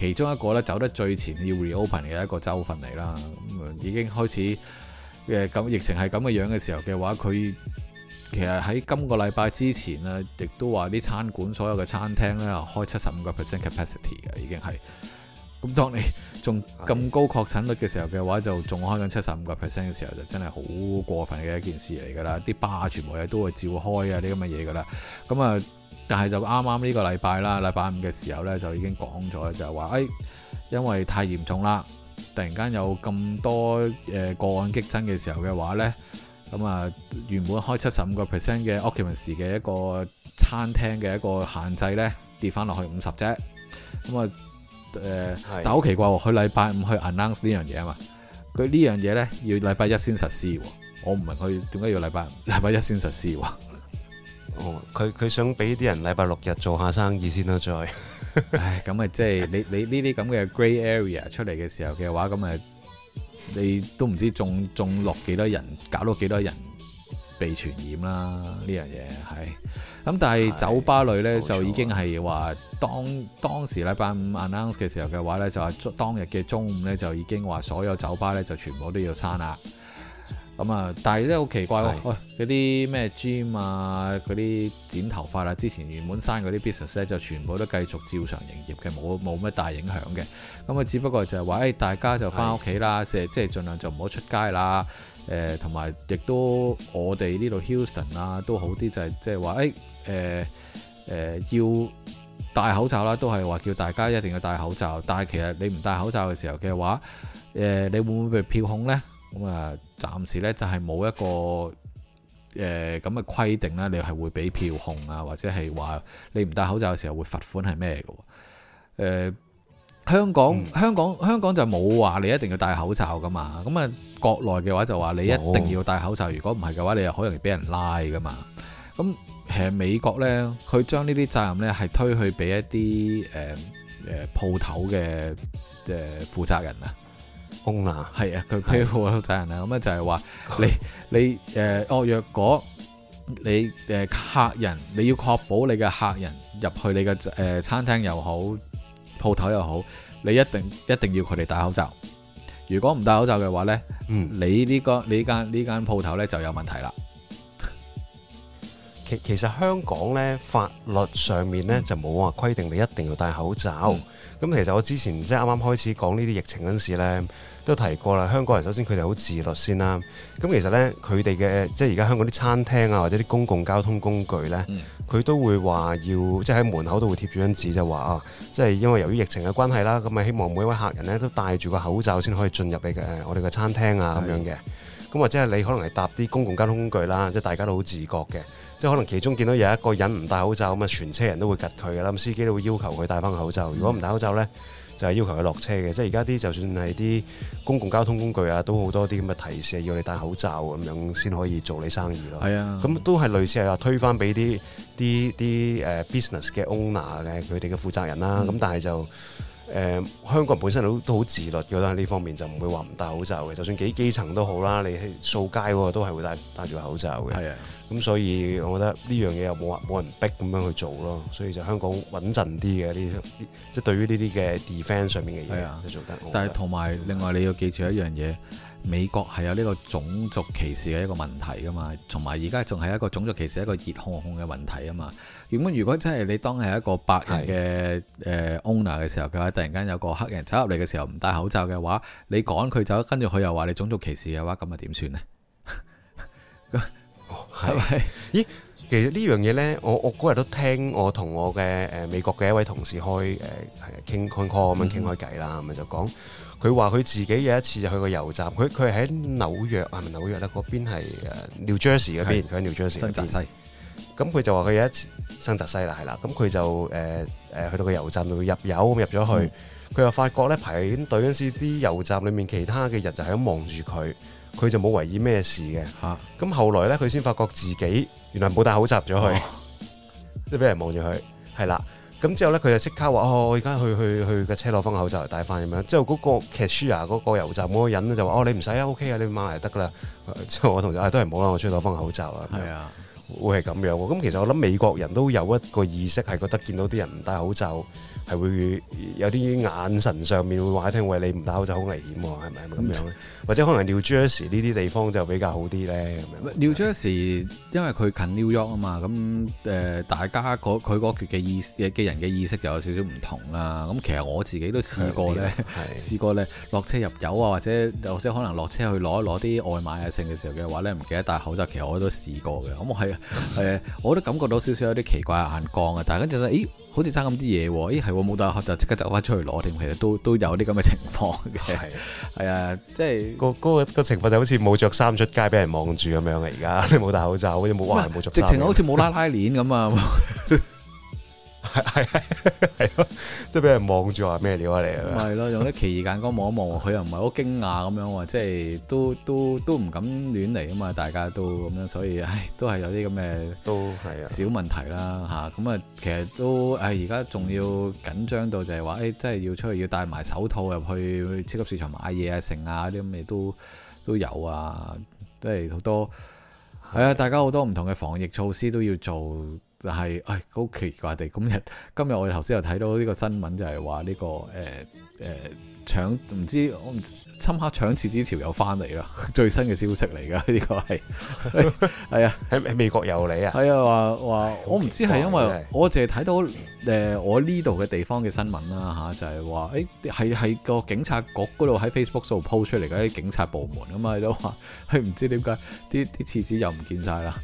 其中一個咧走得最前要 reopen 嘅一個州份嚟啦，咁啊已經開始誒咁疫情係咁嘅樣嘅時候嘅話，佢其實喺今個禮拜之前啊，亦都話啲餐館所有嘅餐廳咧開七十五個 percent capacity 嘅，已經係咁。當你仲咁高確診率嘅時候嘅話，的就仲開緊七十五個 percent 嘅時候，就真係好過分嘅一件事嚟㗎啦！啲巴全部嘢都會照開啊，啲咁嘅嘢㗎啦，咁、嗯、啊～但係就啱啱呢個禮拜啦，禮拜五嘅時候咧就已經講咗，就係話誒，因為太嚴重啦，突然間有咁多誒、呃、個案激增嘅時候嘅話咧，咁、嗯、啊原本開七十五個 percent 嘅 Occupancy、um、嘅一個餐廳嘅一個限制咧跌翻落去五十啫，咁啊誒，呃、是的 但好奇怪喎、哦，佢禮拜五去 announce 呢樣嘢啊嘛，佢、這個、呢樣嘢咧要禮拜一先實施、哦，我唔明佢點解要禮拜五禮拜一先實施喎、哦。佢佢、哦、想俾啲人禮拜六日做下生意先啦、啊，再， *laughs* 唉，咁啊、就是，即係你你呢啲咁嘅 grey area 出嚟嘅時候嘅話，咁啊，你都唔知中中落幾多人，搞到幾多人被傳染啦，呢樣嘢係，咁但係酒吧裏咧是就已經係、啊、話，當當時禮拜五 announce 嘅時候嘅話咧，就係當日嘅中午咧就已經話所有酒吧咧就全部都要閂啦。咁啊、嗯，但係咧好奇怪喎，嗰啲咩 gym 啊，嗰啲剪頭髮啦、啊，之前原本閂嗰啲 business 咧、啊，就全部都繼續照常營業嘅，冇冇乜大影響嘅。咁、嗯、啊，只不過就係話、哎，大家就翻屋企啦，的即係即係盡量就唔好出街啦。誒同埋亦都我哋呢度 Houston 啊，都好啲，就係即係話，要戴口罩啦，都係話叫大家一定要戴口罩。但係其實你唔戴口罩嘅時候嘅話、呃，你會唔會被票控呢？咁啊，暫時咧就係冇一個誒咁嘅規定啦。你係會俾票控啊，或者係話你唔戴口罩嘅時候會罰款係咩嘅？誒、呃，香港、嗯、香港香港就冇話你一定要戴口罩噶嘛。咁啊，國內嘅話就話你一定要戴口罩。哦、如果唔係嘅話，你又好容易俾人拉噶嘛。咁其實美國咧，佢將呢啲責任咧係推去俾一啲誒誒鋪頭嘅誒負責人啊。係啊，佢推負責任啊，咁咧的就係話你你誒、呃，若果你誒、呃、客人，你要確保你嘅客人入去你嘅誒、呃、餐廳又好，鋪頭又好，你一定一定要佢哋戴口罩。如果唔戴口罩嘅話咧，嗯，你呢、呢個呢間呢間鋪頭咧就有問題啦。其其實香港咧法律上面咧、嗯、就冇話規定你一定要戴口罩。咁、嗯、其實我之前即係啱啱開始講呢啲疫情嗰陣時咧。都提過啦，香港人首先佢哋好自律先啦。咁其實呢，佢哋嘅即係而家香港啲餐廳啊，或者啲公共交通工具呢，佢、嗯、都會話要即係喺門口都會貼住張紙就話啊、哦，即係因為由於疫情嘅關係啦，咁咪希望每一位客人呢都戴住個口罩先可以進入你嘅我哋嘅餐廳啊咁樣嘅。咁是或者係你可能係搭啲公共交通工具啦，即係大家都好自覺嘅。即係可能其中見到有一個人唔戴口罩咁啊，全車人都會窒佢噶啦，咁司機都會要求佢戴翻個口罩。嗯、如果唔戴口罩呢，就係要求佢落車嘅，即係而家啲就算係啲公共交通工具啊，都好多啲咁嘅提示，要你戴口罩咁樣先可以做你生意咯。係是啊，咁都係類似係話推翻俾啲啲啲誒 business 嘅 owner 嘅佢哋嘅負責人啦。咁、嗯、但係就。誒、呃，香港人本身都都好自律㗎，覺得喺呢方面就唔會話唔戴口罩嘅，就算幾基層都好啦，你掃街嗰個都係會戴戴住口罩嘅。係啊，咁所以我覺得呢樣嘢又冇話冇人逼咁樣去做咯，所以就香港穩陣啲嘅呢啲，即係對於呢啲嘅 defense 上面嘅嘢，係啊，做得。但係同埋另外你要記住一樣嘢，美國係有呢個種族歧視嘅一個問題噶嘛，同埋而家仲係一個種族歧視一個熱烘烘嘅問題啊嘛。如果真係你當係一個白人嘅誒 owner 嘅時候嘅話，佢話的突然間有個黑人走入嚟嘅時候唔戴口罩嘅話，你趕佢走，跟住佢又話你種族歧視嘅話，咁啊點算咧？係咪、哦？咦？ *laughs* 其實呢樣嘢呢，我我嗰日都聽我同我嘅誒美國嘅一位同事開誒傾 conco 咁樣傾開偈啦，咁、嗯、哼就講佢話佢自己有一次就去個油站，佢佢喺紐約啊係咪紐約啦，嗰邊係 New Jersey 嗰邊，佢喺 New Jersey 新澤西。咁佢就話佢有一次新澤西啦，係啦，咁佢就誒誒、呃、去到個油站度入油咁入咗去，佢又、嗯、發覺咧排隊嗰陣時啲油站裏面其他嘅人就喺咁望住佢，佢就冇為意咩事嘅，咁、啊、後來咧佢先發覺自己原來冇戴口罩咗、哦哦、去，即係俾人望住佢，係啦，咁之後咧佢就即刻話哦，我而家去去去個車攞翻口罩嚟戴翻咁樣，之後嗰個 cashier 嗰、那個油站嗰個人就話哦，你唔使啊，OK 啊，你買得噶啦，之後我同事都係唔好啦，我出去攞翻口罩啦，係啊。會係咁樣喎，咁其實我諗美國人都有一個意識，係覺得見到啲人唔戴口罩。係會有啲眼神上面會話聽，喂，你唔戴口罩好危險喎、啊，係咪咁樣？ *laughs* 或者可能 New Jersey 呢啲地方就比較好啲咧。New Jersey, New Jersey 因為佢近 New York 啊嘛，咁誒、呃、大家佢嗰嘅意嘅人嘅意識就有少少唔同啦、啊。咁其實我自己都試過咧，的的試過咧落車入油啊，或者或者可能落車去攞一攞啲外賣啊剩嘅時候嘅話咧，唔記得戴口罩，其實我都試過嘅。咁我係誒、嗯呃、我都感覺到少少有啲奇怪嘅眼光啊，大家就覺得咦好似爭咁啲嘢喎。冇戴口罩就即刻走翻出去攞，定其實都都有啲咁嘅情況嘅。係啊是的， *laughs* 即、就、係、是嗰個嗰個情況就好似冇着衫出街，俾人望住咁樣嘅。而家你冇戴口罩，好似冇話冇着。直情好似冇拉拉鏈咁啊！ *laughs* *laughs* 係係咯即係俾人望住話咩料啊你啊？咪係咯用啲奇異眼光望一望，佢又唔係好驚訝咁樣喎，即係都都都唔敢亂嚟啊嘛，大家都咁樣，所以唉、哎，都係有啲咁嘅都係啊小問題啦吓，咁是啊，啊，其實都唉而家仲要緊張到就係話，唉、哎，真係要出去要戴埋手套入去去超級市場買嘢啊、成啊啲咁嘅都都有啊，即係好多係啊，是的 大家好多唔同嘅防疫措施都要做。是哎、就係、這個，唉，好奇怪、呃、地咁日。今日我哋頭先又睇到呢個新聞，就係話呢個誒誒搶唔知我唔深刻搶廁紙潮又翻嚟啦。最新嘅消息嚟㗎呢個係係啊喺喺美國又嚟啊，係啊話話我唔知係因為我淨係睇到誒我呢度嘅地方嘅新聞啦吓，就係話誒係係個警察局嗰度喺 Facebook 度 po 出嚟嘅啲警察部門啊嘛、嗯，都話佢唔知點解啲啲廁紙又唔見晒啦，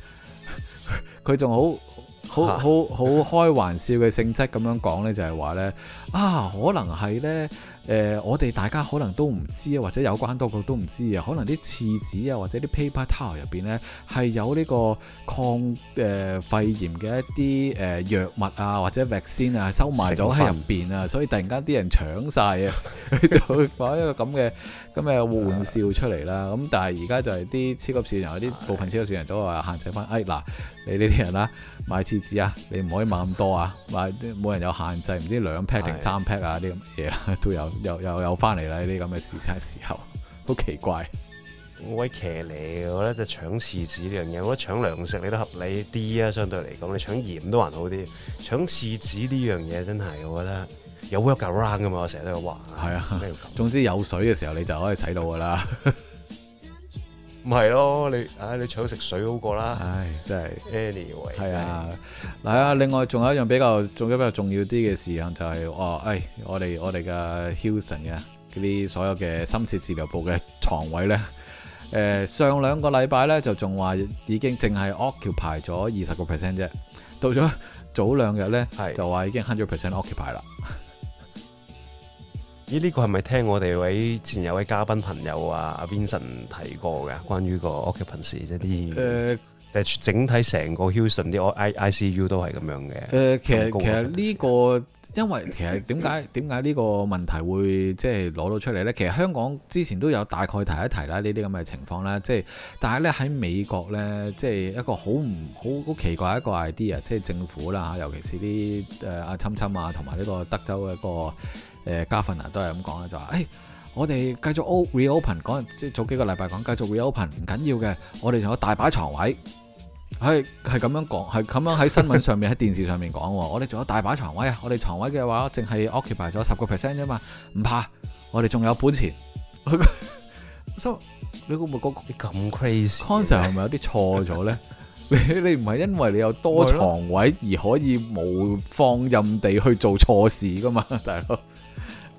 佢仲好，好好好開玩笑嘅性質咁樣講呢，就係話呢，啊，可能係呢、呃，我哋大家可能都唔知啊，或者有關多個都唔知啊，可能啲廁紙啊或者啲 paper towel 入面呢，係有呢個抗、呃、肺炎嘅一啲誒、呃、藥物啊或者 vaccine 啊收埋咗喺入面啊，在在面成分 所以突然間啲人搶晒啊，就擺 *laughs* 一個咁嘅。咁有玩笑出嚟啦，咁的但係而家就係啲超級市場有啲部分超級市場都話限制翻，哎嗱的，你呢啲人啦買廁紙啊，你唔可以買咁多啊，買每個人有限制，唔知兩 pack 定三 pack 啊啲咁嘢啦，都有又又又翻嚟啦呢啲咁嘅時差時候，好奇怪。我係騎呢我覺得就搶廁紙呢樣嘢，我覺得搶糧食你都合理啲啊，相對嚟講，你搶鹽都還好啲，搶廁紙呢樣嘢真係我覺得。有 workaround 噶嘛，我成日都話。係啊，總之有水嘅時候，你就可以洗到噶啦。唔係 *laughs* 咯，你唉，你搶食水好過啦。唉，真係是。Anyway。係啊，嗱啊，另外仲有一樣比較，仲一比較重要啲嘅事啊，就是，就係哦，誒、哎，我哋我哋嘅 Houston 嘅嗰啲所有嘅深切治療部嘅床位咧，誒、呃，上兩個禮拜咧就仲話已經淨係 occupy 咗二十個 percent 啫，到咗早兩日咧是就話已經 hundred percent occupy 啦。Occup 咦，呢個係咪聽我哋位之前有位嘉賓朋友啊，阿 Vincent 提過嘅，關於個 Occupancy 即啲？呃整體成個 Houston 啲 I I C U 都係咁樣嘅。誒、呃、其實其實呢、呢個因為其實點解點解呢個問題會即係攞到出嚟咧？其實香港之前都有大概提一提啦，呢啲咁嘅情況啦。即、就、係、是、但係呢喺美國呢，即、就、係、是、一個好唔好好奇怪嘅一個 idea，即係政府啦，尤其是啲誒阿侵侵啊，同埋呢個德州嘅一個加芬納都係咁講啦，就話、是、誒。哎我哋繼續 reopen 講，即係早幾個禮拜講，繼續 reopen 唔緊要嘅。我哋仲有大把床位，係係咁樣講，係咁樣喺新聞上面、喺電視上面講。 *laughs* 我哋仲有大把床位啊！我哋床位嘅話，淨係 occupy 咗十個 percent 啫嘛，唔怕。我哋仲有本錢。 *laughs* So，你會唔會覺得咁 crazy？concept 係咪有啲錯咗咧？ *laughs* 你你唔係因為你有多床位而可以無放任地去做錯事噶嘛，大佬？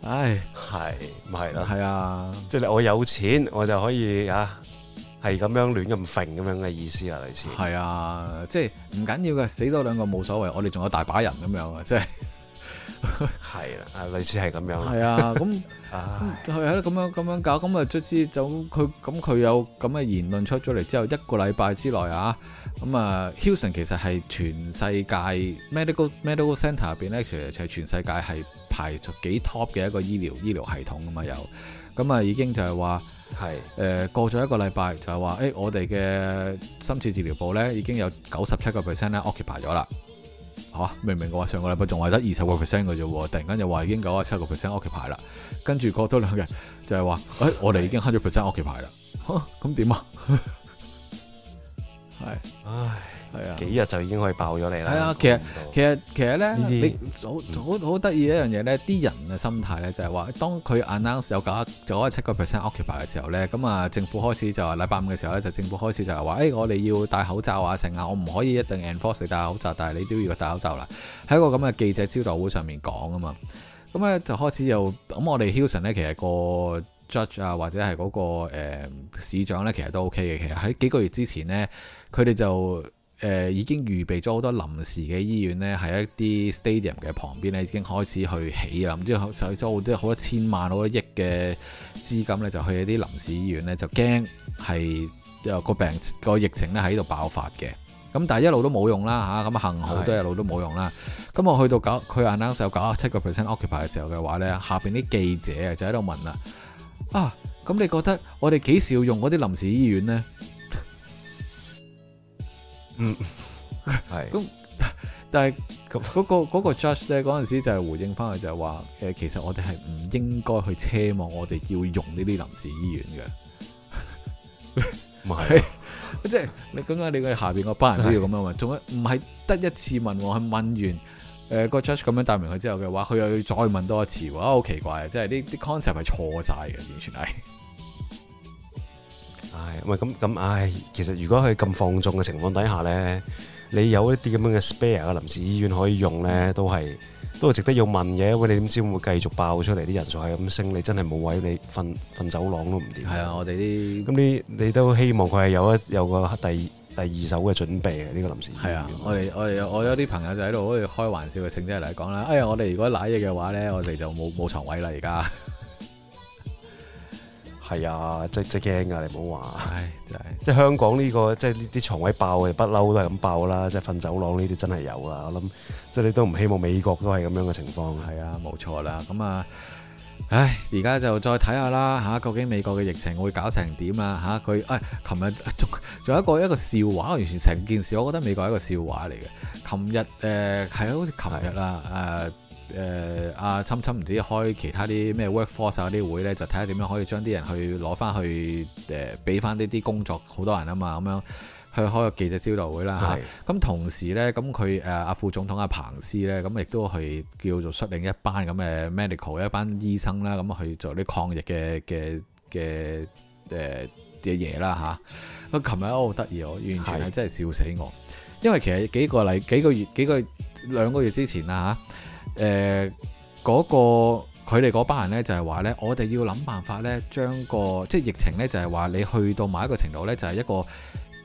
唉，係咪咯？係、係啦、啊，即係我有錢，我就可以啊，係咁樣亂咁揈咁樣嘅意思啊，類似。係啊，即係唔緊要嘅，死多兩個冇所謂，我哋仲有大把人咁、啊、樣啊，即係係啦，類似係咁樣啦。係啊，咁係係啦，咁唉、啊、樣咁樣搞，咁啊卒之就佢咁佢有咁嘅言論出咗嚟之後，一個禮拜之內啊，咁啊，Houston 其實係全世界 medical medical centre 入邊咧，其實就係全世界係。係幾 top 嘅一個醫療醫療系統啊嘛，有咁啊、嗯，已經就係話係誒過咗一個禮拜就係話誒，我哋嘅深切治療部咧已經有九十七個 percent 咧 occupy 咗啦吓、啊，明唔明我話上個禮拜仲話得二十個 percent 嘅啫，突然間就話已經九啊七個 percent occupy 啦，跟住過多兩日，就係話誒，我哋已經慳咗 percent occupy 啦，咁點啊？係、啊、 *laughs* 是唉。係啊，幾日就已經可以爆咗你啦！係啊其實，其實其實其實咧，你好好好得意一樣嘢咧，啲、嗯、人嘅心態咧就係、是、話，當佢 announce 有九九七個 percent occupy 嘅時候咧，咁啊政府開始就係禮拜五嘅時候咧，就政府開始就係話，誒、哎、我哋要戴口罩啊，成啊，我唔可以一定 enforce 你戴口罩，但係你都要戴口罩啦、啊。喺一個咁嘅記者招待會上面講啊嘛，咁咧就開始又咁我哋 Hilson 咧，其實個 judge 啊或者係嗰、那個、呃、市長咧，其實都 OK 嘅。其實喺幾個月之前呢，佢哋就。誒、呃、已經預備咗好多臨時嘅醫院咧，喺一啲 stadium 嘅旁邊咧，已經開始去起啦，唔知使咗好多千萬、好多億嘅資金咧，就去一啲臨時醫院咧，就驚係又個病個疫情咧喺度爆發嘅。咁但係一路都冇用啦嚇，咁啊幸好都一路都冇用啦。咁我去到九，佢 announce 有九啊七個 percent occupy 嘅時候嘅話咧，下邊啲記者就喺度問啦：啊，咁的、啊、你覺得我哋幾時要用嗰啲臨時醫院咧？嗯 *laughs* 是，係、那個。咁但係嗰個 judge 咧，嗰、那、陣、個、時就係回應翻佢，就係話：誒，其實我哋係唔應該去奢望我哋要用呢啲臨時醫院嘅。唔係，即係你講緊你嘅下邊嗰班人都要咁樣問，仲一唔係得一次問？去問完誒、呃那個 judge 咁樣答明佢之後嘅話，佢又要再問多一次。哇！好奇怪啊，即係呢啲 concept 係錯晒嘅，完全係。係，唔係咁，咁，唉，其實如果佢咁放縱嘅情況底下咧，你有一啲咁樣嘅 spare 嘅臨時醫院可以用咧，都係、都係值得要問嘅。喂，你點知會繼續爆出嚟啲人數係咁升？你真係冇位，你瞓、瞓走廊都唔掂。係啊，我哋啲咁你、你都希望佢係有一、有個第、第二手嘅準備嘅呢個臨時醫院。係啊，我哋、我哋我有啲朋友就喺度好似開玩笑嘅性質嚟講啦。哎呀，我哋如果瀨嘢嘅話咧，我哋就冇、冇牀位啦而家。係啊，即即驚噶，你唔好話，唉，真係、即係、即香港呢、呢個即呢啲床位爆嘅，不嬲都係咁爆啦，即係瞓走廊呢啲真係有噶，我諗即係你都唔希望美國都係咁樣嘅情況。係啊，冇錯啦，咁啊，唉，而家就再睇下啦，吓、啊，究竟美國嘅疫情會搞成點啊？吓、啊，佢誒，琴日仲仲有一個一個笑話，完全成件事，我覺得美國係一個笑話嚟嘅。琴日誒，係好似琴日啊，誒。是呃誒阿親親唔知開其他啲咩 workforce 嗰、啊、啲會咧，就睇下點樣可以將啲人去攞翻去誒，俾翻呢啲工作好多人啊嘛，咁樣去開個記者招待會啦嚇。咁的、啊、同時咧，咁佢誒阿副總統阿、啊、彭斯咧，咁亦都係叫做率領一班咁嘅 medical 一班醫生啦，咁去做啲抗疫嘅嘅嘅誒嘅嘢啦吓，咁琴日我好得意我完全係的真係笑死我，因為其實幾個禮幾個月幾個月兩個月之前啦吓。啊誒嗰、呃嗰個佢哋嗰班人咧，就係話咧，我哋要諗辦法咧，將個即係疫情咧，就係、是、話你去到某一個程度咧，就係、是、一個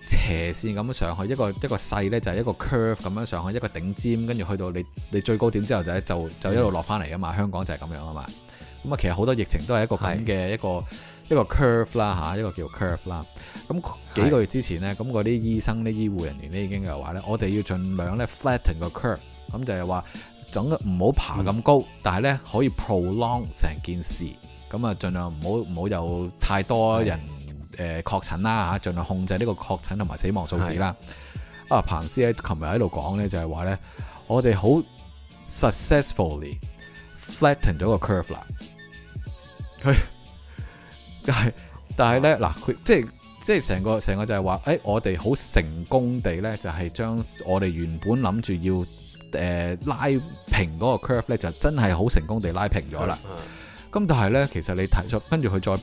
斜線咁樣上去，一個一個細咧，就係、是、一個 curve 咁樣上去，一個頂尖，跟住去到你你最高點之後就就就一路落翻嚟㗎嘛，嗯、香港就係咁樣啊嘛。咁啊，其實好多疫情都係一個咁嘅是一個一個 curve 啦嚇，一個叫 curve 啦。咁幾個月之前咧，咁嗰啲醫生啲醫護人員咧已經又話咧，我哋要盡量咧 flatten 個 curve，咁就係話。總唔好爬咁高，嗯、但係咧可以 prolong 成件事，咁啊盡量唔好唔好有太多人誒、嗯呃、確診啦、啊、嚇，盡量控制呢個確診同埋死亡數字啦。的啊彭斯喺琴日喺度講咧，就係話咧，我哋好 successfully flatten 咗、 *laughs* 啊、個 curve 啦。佢但係但係咧嗱，佢即係即係成個成個就係話，誒、欸、我哋好成功地咧，就係、是、將我哋原本諗住要。誒、呃、拉平嗰個 curve 咧，就真係好成功地拉平咗啦。咁、嗯嗯、但係咧，其實你睇出跟住佢再誒、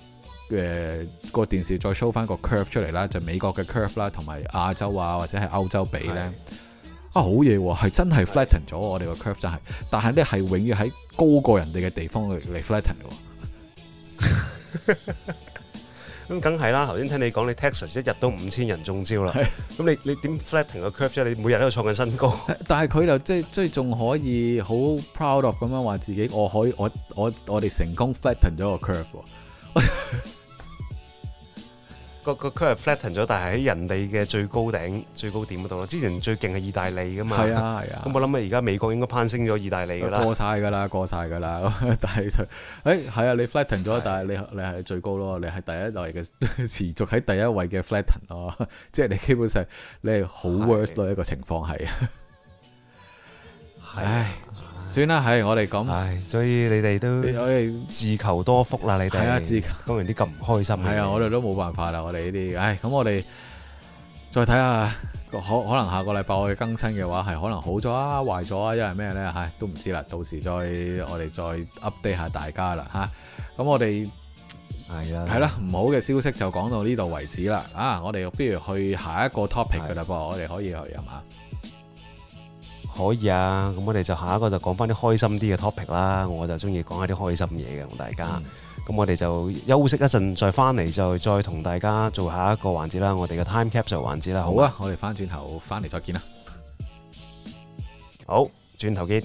呃嗰個電視再 show 翻個 curve 出嚟啦，就美國嘅 curve 啦，同埋亞洲啊或者係歐洲比咧，是啊好嘢喎、哦，係真係 flatten 咗是我哋個 curve 就係，但係咧係永遠喺高過人哋嘅地方嚟 flatten 嘅喎。嗯 *laughs* *laughs* 咁梗係啦，頭先聽你講，你 Texas 一日都五千人中招啦。咁是的 你你點 flattening 個 curve 啫？你，你每日都喺度創緊新高但，但係佢就即係即係仲可以好 proud of 咁樣話自己，我可以我我我哋成功 flattening 咗個 curve。 *laughs* 個個區係 flatten 咗，但係喺人哋嘅最高頂、最高點嗰度咯。之前最勁係意大利㗎嘛，係啊係啊。咁我諗啊，而家美國應該攀升咗意大利㗎喇，過晒㗎喇，過晒㗎喇。但係就，誒、欸、係啊，你 flatten 咗，啊、但係你你係最高咯，你係第一代嘅持續喺第一位嘅 flatten 啊， *laughs* 的 fl atten， *laughs* 即係你基本上你係好 worse 咯，一個情況係。係。算啦，係我哋咁，所以你哋都可以自求多福啦，你哋。睇下、啊、自求。講完啲咁唔開心。係啊，我哋都冇辦法啦，我哋呢啲，唉，咁我哋再睇下，可可能下個禮拜我哋更新嘅話，係可能好咗啊，壞咗啊，因為咩咧嚇都唔知啦，到時再的我哋再 update 下大家啦吓，咁我哋係啊，係啦，唔的好嘅消息就講到呢度為止啦。啊，我哋不如去下一個 topic 嘅啦噃，我哋可以去係嘛？可以啊，咁我哋就下一個就講翻啲開心啲嘅 topic 啦，我就中意講一啲開心嘢，嘅同大家。咁、嗯、我哋就休息一陣再翻嚟，就再同大家做下一個環節啦，我哋嘅 time capsule 環節啦。好啊，好啊，我哋翻轉頭翻嚟再見啦。好，轉頭見。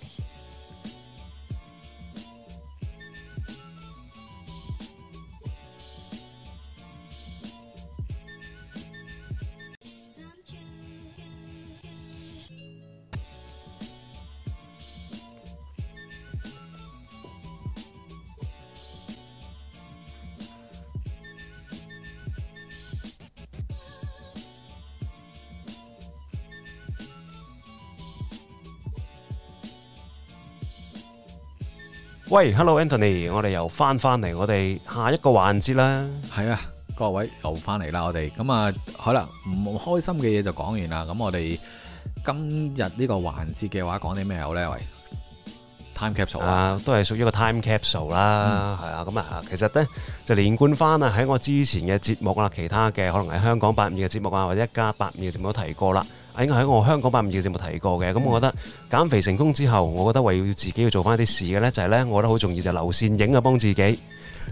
喂，Hello，Anthony，我哋又翻翻嚟，我哋下一個環節啦。係啊，各位又翻嚟啦，我哋咁啊，好啦，唔開心嘅嘢就講完啦。咁我哋今日呢個環節嘅話，講啲咩好呢？喂，Time Capsule 啊，啊，都係屬於個 Time Capsule 啦，係啊。咁啊，其實呢，就連貫翻啊，喺我之前嘅節目啦，其他嘅可能喺香港八五二嘅節目啊，或者一家八五二嘅節目都提過啦。喺我喺我香講852嘅節目提過嘅，咁我覺得減肥成功之後，我覺得為要自己要做翻一啲事嘅咧，就係咧，我覺得好重要就留線影啊幫自己。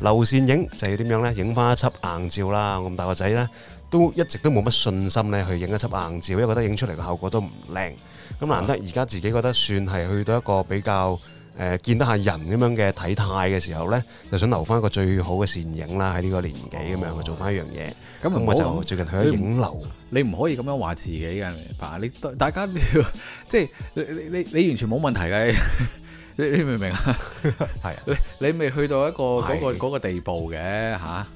留線影就要點樣咧？影翻一輯硬照啦。我咁大個仔咧，都一直都冇乜信心咧去影一輯硬照，因為覺得影出嚟嘅效果都唔靚。咁難得而家自己覺得算係去到一個比較，誒、呃、見得下人咁樣嘅體態嘅時候咧，就想留翻一個最好嘅倩影啦。喺呢個年紀咁樣去、哦、做翻一、嗯、樣嘢，咁我就最近去咗影樓。你唔可以咁樣話自己嘅，爸你大家即係、就是、你你，你完全冇問題嘅，你明唔明啊？係、啊、你你未去到一個嗰、那個啊、個地步嘅嚇。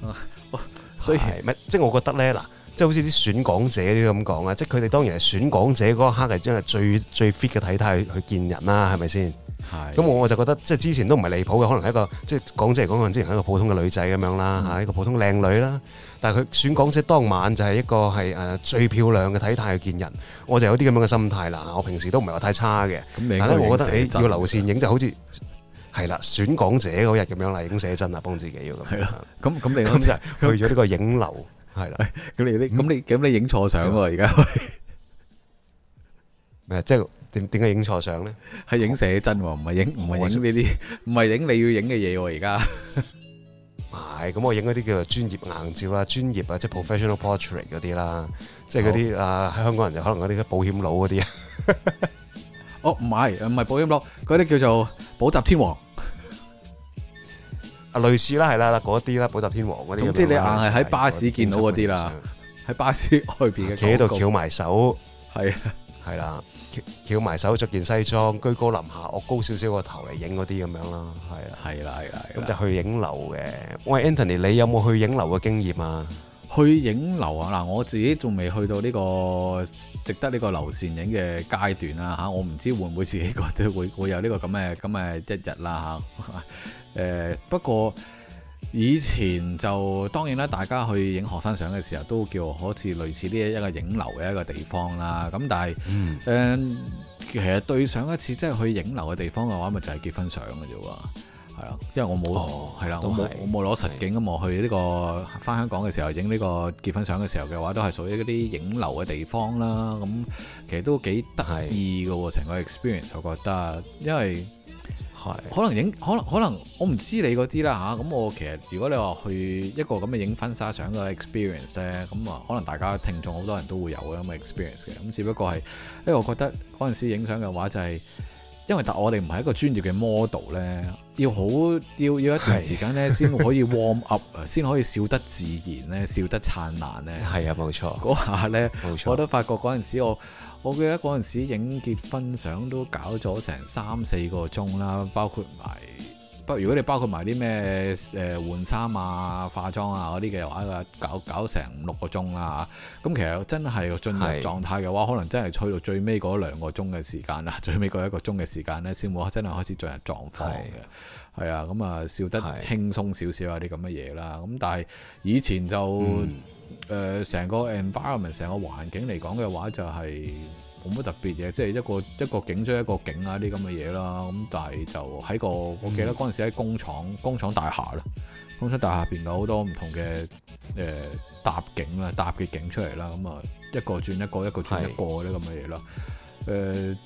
雖然唔即係我覺得咧嗱，即係好似啲選港者啲咁講啊，即係佢哋當然係選港者嗰刻係真係最最 fit 嘅體態去，去見人啦，係咪先？咁是我就覺得，即係之前都唔係離譜嘅，可能係一個即係港姐嚟講，之前係一個普通嘅女仔咁樣啦，吓、嗯、一個普通靚女啦。但係佢選港姐當晚就係一個係誒最漂亮嘅體態去見人，我就有啲咁樣嘅心態啦。我平時都唔係話太差嘅，但係我覺得，誒要留倩影就好似係啦，選港姐嗰日咁樣啦，影寫真啦，幫自己咁。咁你就去咗呢個影樓，係啦你。咁的你咁你咁你影錯相喎而家。即係。點點解影錯相咧？係影寫真喎，唔係影唔係影呢啲，唔係影你要影嘅嘢喎。而家唔係咁，我影嗰啲叫做專業硬照啦，專業、哦、啊，即係 professional portrait 嗰啲啦，即係嗰啲啊，喺香港人就可能嗰啲保險佬嗰啲啊。哦，唔係唔係保險佬，嗰啲叫做補習天王啊，類似啦，係啦嗰啲啦，補習天王嗰啲。總之你硬係喺巴士見到嗰啲啦，喺、嗯、巴士外邊企喺度翹埋手，係是啊，係啦。翹埋手着件西裝，居高臨下，我高少少個頭嚟影嗰啲咁樣啦，係啊，係啦，係啦，咁就去影樓嘅。喂，Anthony，你有冇去影樓嘅經驗啊？去影樓啊？嗱，我自己仲未去到呢個值得呢個樓攝影嘅階段啊。嚇，我唔知會唔會自己覺得會會有呢個咁嘅咁嘅一日啦，嚇。誒，不過。以前就當然啦，大家去影學生相嘅時候都叫好似類似呢一個影樓嘅一個地方啦。咁但係誒、嗯嗯，其實對上一次即係去影樓嘅地方嘅話，咪就係結婚相嘅啫喎。係啦，因為我冇係啦，我冇我冇攞實景咁的我去呢個返香港嘅時候影呢個結婚相嘅時候嘅話，都係屬於嗰啲影樓嘅地方啦。咁其實都幾得意嘅喎成個 experience，我覺得，因為。係，可能影，可能可能我唔知你嗰啲啦嚇，咁我其實如果你話去一個咁嘅影婚紗相嘅 experience 咧，咁啊，可能大家聽眾好多人都會有咁嘅 experience 嘅，咁只不過係，因為我覺得嗰陣時影相嘅話就係。因為但我哋唔係一個專業嘅 model 咧，要好要要一段時間咧，先可以 warm up 啊，先可以笑得自然咧，笑得燦爛咧。係啊，冇錯。嗰下咧，冇錯。我都發覺嗰陣時我，我我記得嗰陣時影結婚相都搞咗成三四個鐘啦，包括埋。不過如果你包括埋啲咩誒換衫啊、化妝啊嗰啲嘅話，搞搞成五六個鐘啦。咁其實真係進入狀態嘅話，是可能真係吹到最尾嗰兩個鐘嘅時，時間啦，最尾嗰一個鐘嘅時，時間呢，先會真係開始進入狀況嘅。係是啊，咁啊笑得輕鬆少少啊啲咁嘅嘢啦。咁但係以前就誒成、嗯呃、個 environment 成個環境嚟講嘅話，就係、是。冇乜特別嘢，即、就、係、是、一個一個景追一個景啊啲咁嘅嘢啦。咁但係就喺個，我記得嗰陣時喺工廠、嗯、工廠大廈啦，工廠大廈入邊有好多唔同嘅誒、呃、搭景啊，搭嘅景出嚟啦。咁啊一個轉一個，一個轉一個啲咁嘅嘢啦。誒。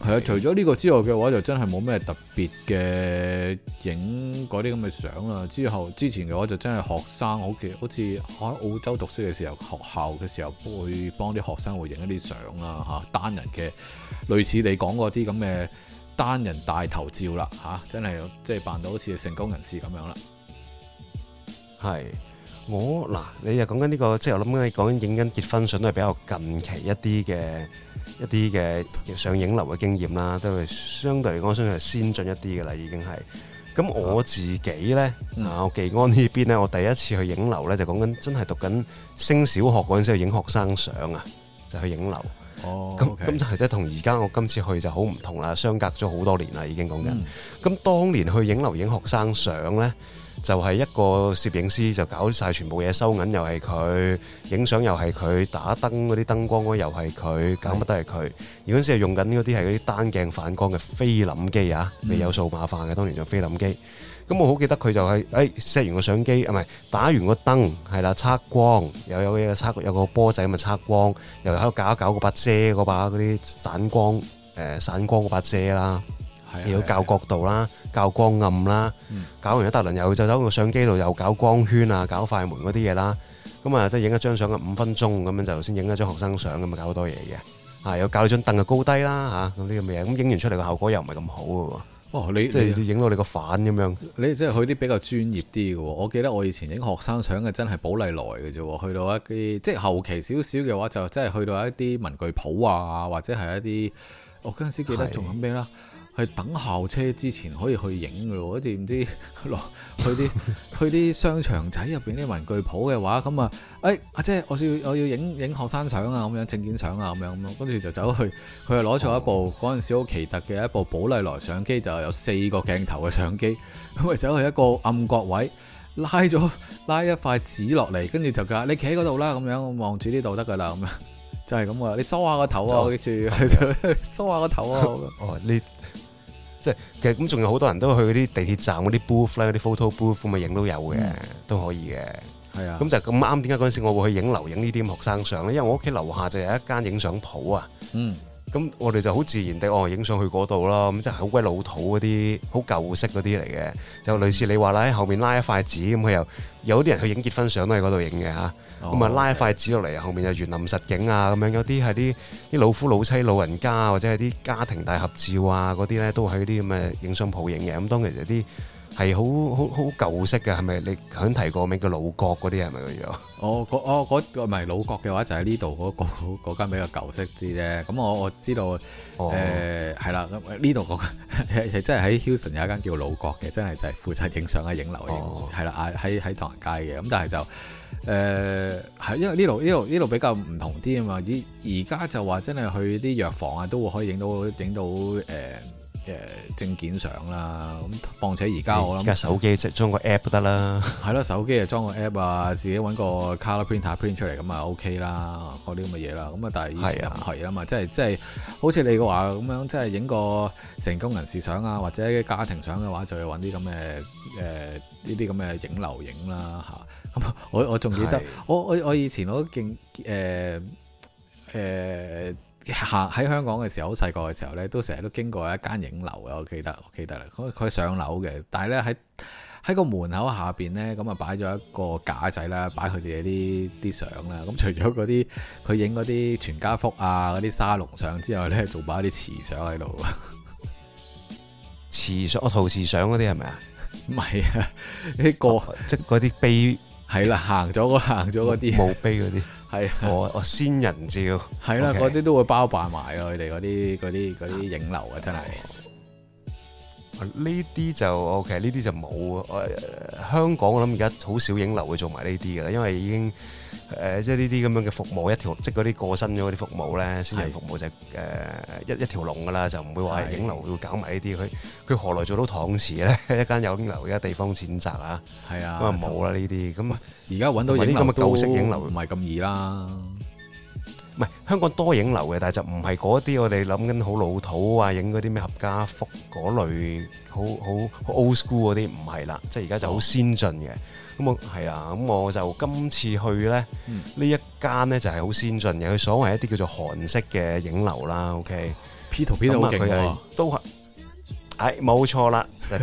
係啊，除咗呢個之外嘅話，就真係冇咩特別嘅影嗰啲咁嘅相啦。之後之前嘅話就真係學生好似，好似好似喺澳洲讀書嘅時候，學校嘅時候會幫啲學生會影一啲相啦嚇，單人嘅，類似你講嗰啲咁嘅單人大頭照啦嚇、啊，真係即係扮到好似成功人士咁樣啦。係。我嗱，你又講緊呢個，即係我諗緊你講緊影緊結婚相都係比較近期一啲嘅一啲嘅上影樓嘅經驗啦，都係相對嚟講相對係先進一啲嘅啦，已經係。咁我自己咧，啊，我技安呢邊咧，我第一次去影樓咧就講緊真係讀緊升小學嗰陣時去影學生相啊，就去影樓。哦。咁咁就係即係同而家我今次去就好唔同啦，相隔咗好多年啦，已經講緊。咁當年去影樓影學生相咧。就係一個攝影師，就搞曬全部嘢，收銀又係佢，影相又係佢，打燈嗰啲燈光嗰又係佢，搞乜都係佢。的而嗰陣時係用緊嗰啲係嗰啲單鏡反光嘅菲林機啊，未有數碼化嘅，當年就菲林機。咁、嗯、我好記得佢就係誒 set 完個相機，唔係打完個燈，係啦，測光又有嘢測，有個波仔咪測光，又喺度搞一搞個把遮，嗰把嗰啲散光、呃、散光嗰把遮啦。又要校角度啦，校的光暗啦，嗯、搞完一大輪又就走到個相機度又搞光圈啊，搞快門嗰啲嘢啦。咁啊，即係影一張相啊，五分鐘咁樣就先影一張學生相咁啊，搞好多嘢嘅。係又校張凳嘅高低啦，吓咁呢啲嘅嘢。咁影完出嚟個效果又唔係咁好嘅喎、哦。你即係影到你個反咁樣。你，你，你即係去啲比較專業啲嘅喎。我記得我以前影學生相嘅真係寶麗來嘅啫。去到一啲即係後期少少嘅話，就真係去到一啲文具鋪啊，或者係一啲我嗰陣時記得仲有咩啦？去等校車之前可以去影嘅咯，好似唔知去落 *laughs* 去啲去啲商場仔入邊啲文具鋪嘅話，咁啊，哎，阿姐，我要我要影影學生相啊，咁樣證件相啊，咁樣咁咯，跟住就走去，佢就攞咗一部嗰陣、哦、時好奇特嘅一部寶麗來相機，就有四個鏡頭嘅相機，咁咪走去一個暗角位，拉咗拉一塊紙落嚟，跟住就叫你企喺嗰度啦，咁樣望住呢度得噶啦，咁樣就係咁啊，你梳下個頭啊，坐記住， *laughs* *laughs* 梳下個頭啊，哦， *laughs* 其實咁仲有好多人都去嗰啲地鐵站嗰啲 booth 咧，嗰啲 photo booth 咪影都有嘅，嗯、都可以嘅。係啊的，咁就咁啱，點解嗰陣時我會去影樓影呢啲學生相咧？因為我屋企樓下就有一間影相鋪啊。咁、嗯、我哋就好自然地哦，影上去嗰度啦。咁真係好鬼老土嗰啲，好舊式嗰啲嚟嘅。就類似你話啦，喺後面拉一塊紙咁，佢又有啲人去影結婚相都喺嗰度影嘅嚇。咁啊，oh, okay. 拉塊紙落嚟，後面有園林實景啊，咁樣有啲係啲啲老夫老妻老人家啊，或者係啲家庭大合照啊，嗰啲咧都喺啲咁嘅影相鋪影嘅。咁當其時啲係好好好舊式嘅，係咪？你肯提過名叫老國嗰啲係咪個樣？哦，嗰哦嗰唔係老國嘅話就喺呢度嗰個間比較舊式啲啫。咁我我知道誒係啦，呢度個係係真係喺 Hilton 有一間叫老國嘅，真係就係負責影相啊、影樓影，係啦喺喺唐人街嘅，咁但係就。誒係、呃，因為呢度呢度呢度比較唔同啲啊嘛，而而家就話真係去啲藥房啊，都會可以影到影到誒。呃誒證件相啦，咁況且而家我諗而家手機即係、嗯、裝個 app 得啦，係囉手機啊裝個 app 啊，自己揾個 colour printer print 出嚟咁啊 OK 啦，嗰啲咁嘅嘢啦，咁啊但係以前唔係啊嘛，是啊即係即係好似你話咁樣，即係影個成功人士相啊，或者家庭相嘅話，就要揾啲咁嘅誒呢啲咁嘅影樓影啦吓，咁、啊、我我仲記得是的 我我我以前我都勁誒誒。呃呃下喺香港嘅時候，好細個嘅時候咧，都成日都經過一間影樓嘅，我記得，我記得啦。佢佢上樓嘅，但係咧喺喺個門口下邊咧，咁啊擺咗一個架仔啦，擺佢哋啲啲相啦。咁、嗯、除咗嗰啲佢影嗰啲全家福啊，嗰啲沙龍相之外咧，仲擺啲瓷相喺度。瓷相，我陶瓷相嗰啲係咪啊？唔、這、係、個、啊，呢個即係嗰啲碑係啦、啊，行咗行咗嗰啲墓碑嗰啲。係、啊、我我先人照，係啦、啊，嗰啲 okay 都會包辦埋噶，佢哋嗰啲啲啲影樓啊，真係。呢啲就，okay 呢啲就冇。香港我諗而家好少影樓會做埋呢啲噶啦，因為已經。誒、呃、即係呢啲咁樣嘅服務，一條即係嗰啲過身咗嗰啲服務咧，私人服務就誒是的、呃、一一條龍㗎啦，就唔會話係影樓是的 會搞埋呢啲，佢佢何來做到搪瓷咧？ *laughs* 一間有影樓，一間地方淺窄啊，係啊的，冇啦呢啲，咁而家揾到啲咁嘅舊式影樓都唔係咁易啦。唔係香港多影樓嘅，但係就唔係嗰啲我哋諗緊好老土啊，影嗰啲咩合家福嗰類，好好 old school 嗰啲，唔係啦，即係而家就好先進嘅。咁我係啊，咁我就今次去咧呢、嗯、一間咧就係好先進嘅，佢所謂一啲叫做韓式嘅影樓啦。OK，P 圖 P 得好勁喎，都係，係冇錯啦，就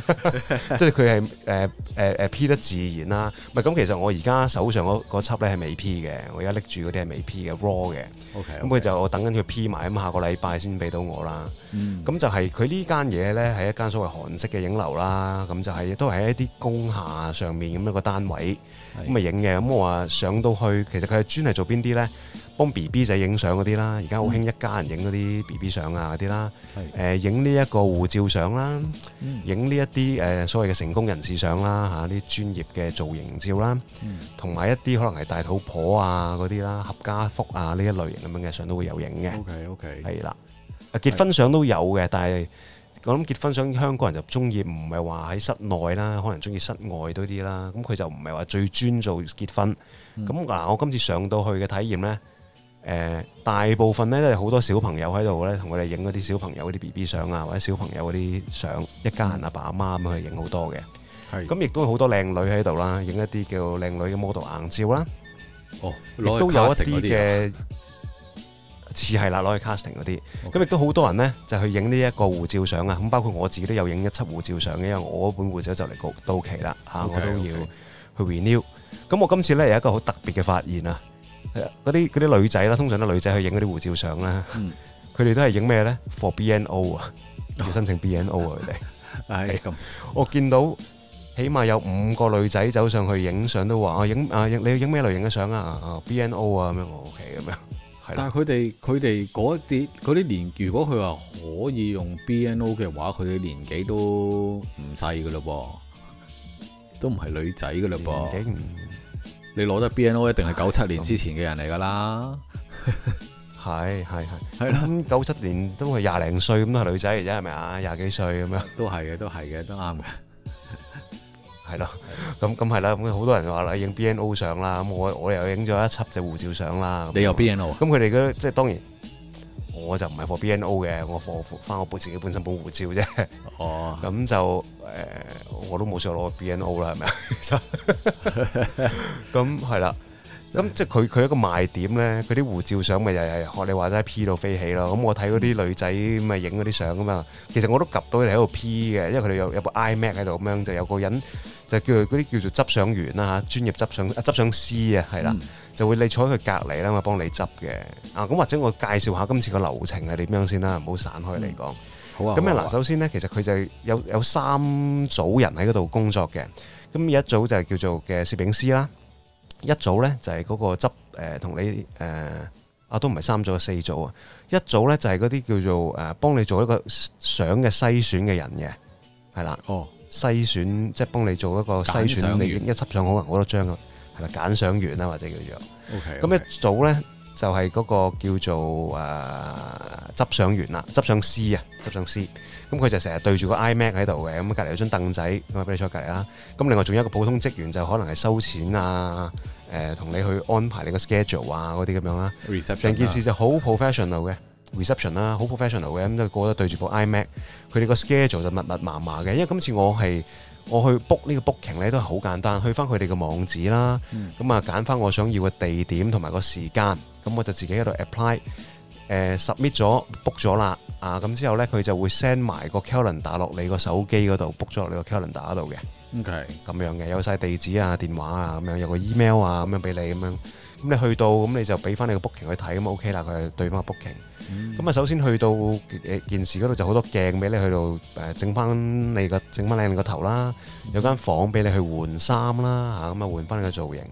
*laughs* *laughs* 即係佢係誒誒誒 P 得自然啦、啊，係咁其實我而家手上嗰嗰輯咧係未 P 嘅，我而家拎住嗰啲係未 P 嘅 raw 嘅，OK，咁 okay .佢就我等緊佢 P 埋，咁下個禮拜先俾到我啦。咁、嗯、就係佢呢間嘢咧係一間所謂韓式嘅影樓啦，咁就係都係喺一啲工廈上面咁樣一個單位咁啊影嘅。咁的我話上到去，其實佢係專係做邊啲咧？幫 B B 仔影相嗰啲啦，而家好興一家人影嗰啲 B B 相啊嗰啲啦，誒影呢一個護照相啦，影呢一啲誒所謂嘅成功人士相啦嚇，呢啲專業嘅造型照啦，同埋一啲可能係大肚婆啊嗰啲啦，合家福啊呢一類型咁樣嘅相都會有影嘅。OK OK，係啦，結婚相都有嘅，但係我諗結婚相香港人就中意，唔係話喺室內啦，可能中意室外多啲啦。咁佢就唔係話最專做結婚。咁嗱，我今次上到去嘅體驗咧。誒、呃、大部分咧都係好多小朋友喺度咧，同佢哋影嗰啲小朋友嗰啲 B B 相啊，或者小朋友嗰啲相，一家人阿爸阿媽咁去影好多嘅。係。咁亦都好多靚女喺度啦，影一啲叫靚女嘅 model 硬照啦、啊。哦。亦都有一啲嘅似係啦，攞去 casting 嗰啲。咁亦都好多人呢，就去影呢一個護照相啊。咁包括我自己都有影一輯護照相嘅，因為我本護照就嚟到到期啦嚇，okay, 我都要去 renew。咁 okay. 我今次呢，有一個好特別嘅發現啊！嗰啲啲女仔啦，通常啲女仔去影嗰啲護照相啦，佢哋、嗯、都係影咩咧？For BNO 啊，申請 BNO 啊，佢哋係咁。我見到起碼有五個女仔走上去影相，都話啊影啊影，你要影咩類型嘅相啊？啊 BNO 啊咁樣，OK 咁樣。但係佢哋佢哋嗰啲啲年，如果佢話可以用 BNO 嘅話，佢哋年紀都唔細噶咯噃，都唔係女仔噶咯噃。你攞得 BNO 一定係九七年之前嘅人嚟㗎啦，係係係係啦，咁九七年都係廿零歲咁都係女仔嚟啫，係咪啊？廿幾歲咁樣，樣都係嘅，都係嘅，都啱嘅 *laughs* 的，係咯的，咁咁係啦，咁的好多人話你啦，影 BNO 相啦，咁我我又影咗一輯嘅護照相啦，你又 BNO，咁佢哋嗰即係當然。我就唔係放 BNO 嘅，我放翻我本自己本身冇護照啫。哦，咁就誒、呃，我都冇想攞 BNO 啦，係咪？咁係啦，咁 *laughs* 即係佢佢一個賣點咧，佢啲護照相咪又係學你話齋 P 到飛起咯。咁我睇嗰啲女仔咁咪影嗰啲相噶嘛，其實我都及到你喺度 P 嘅，因為佢哋有有部 iMac 喺度咁樣，就有個人就叫佢嗰啲叫做執相員啦嚇，專業執相執相師啊，係啦。嗯。就會你坐喺佢隔離啦，我幫你執嘅。啊，咁或者我介紹下今次個流程係點樣先啦，唔好散開嚟講、嗯。好啊，咁那啊嗱，首先咧，其實佢就係有有三組人喺嗰度工作嘅。咁一組就係叫做嘅攝影師啦，一組咧就係嗰個執同、呃、你誒、呃，啊都唔係三組啊四組啊，一組咧就係嗰啲叫做誒幫你做一個相嘅篩選嘅人嘅，係啦。哦。篩選即係、就是、幫你做一個篩選，你一輯相可能好多張啊。揀相員啦，或者叫做，咁 Okay, okay. 一組咧就係、是、嗰個叫做誒執、啊、相員啦，執相師啊，執相師。咁佢就成日對住個 iMac 喺度嘅，咁隔籬有張凳仔，咁啊俾你坐隔籬啦。咁另外仲有一個普通職員，就可能係收錢啊，誒、呃，同你去安排你個 schedule 啊，嗰啲咁樣啦。成 Re ception 件事就好 professional 嘅 reception 啦，好、啊、professional 嘅咁都過得對住部 iMac，佢哋個 schedule 就密密麻麻嘅。因為今次我係。我去 book 呢個 booking 咧都係好簡單，去翻佢哋個網址啦，咁啊揀翻我想要嘅地點同埋個時間，咁我就自己喺度 apply，呃、submit 咗 book 咗啦，啊咁之後呢，佢就會 send 埋個 calendar 打落你個手機嗰度 book 咗落你個 calendar 度嘅，咁 Okay. 樣嘅有晒地址啊、電話啊咁樣，有個 email 啊咁樣俾你咁樣。咁你去到咁你就俾翻你 book、OK、個 booking 去睇咁 OK 啦，佢係對返個 booking。咁啊首先去到誒電視嗰度就好多鏡俾你，去到誒整翻你個整翻靚你個頭啦。嗯、有間房俾你去換衫啦，咁啊換翻你個造型。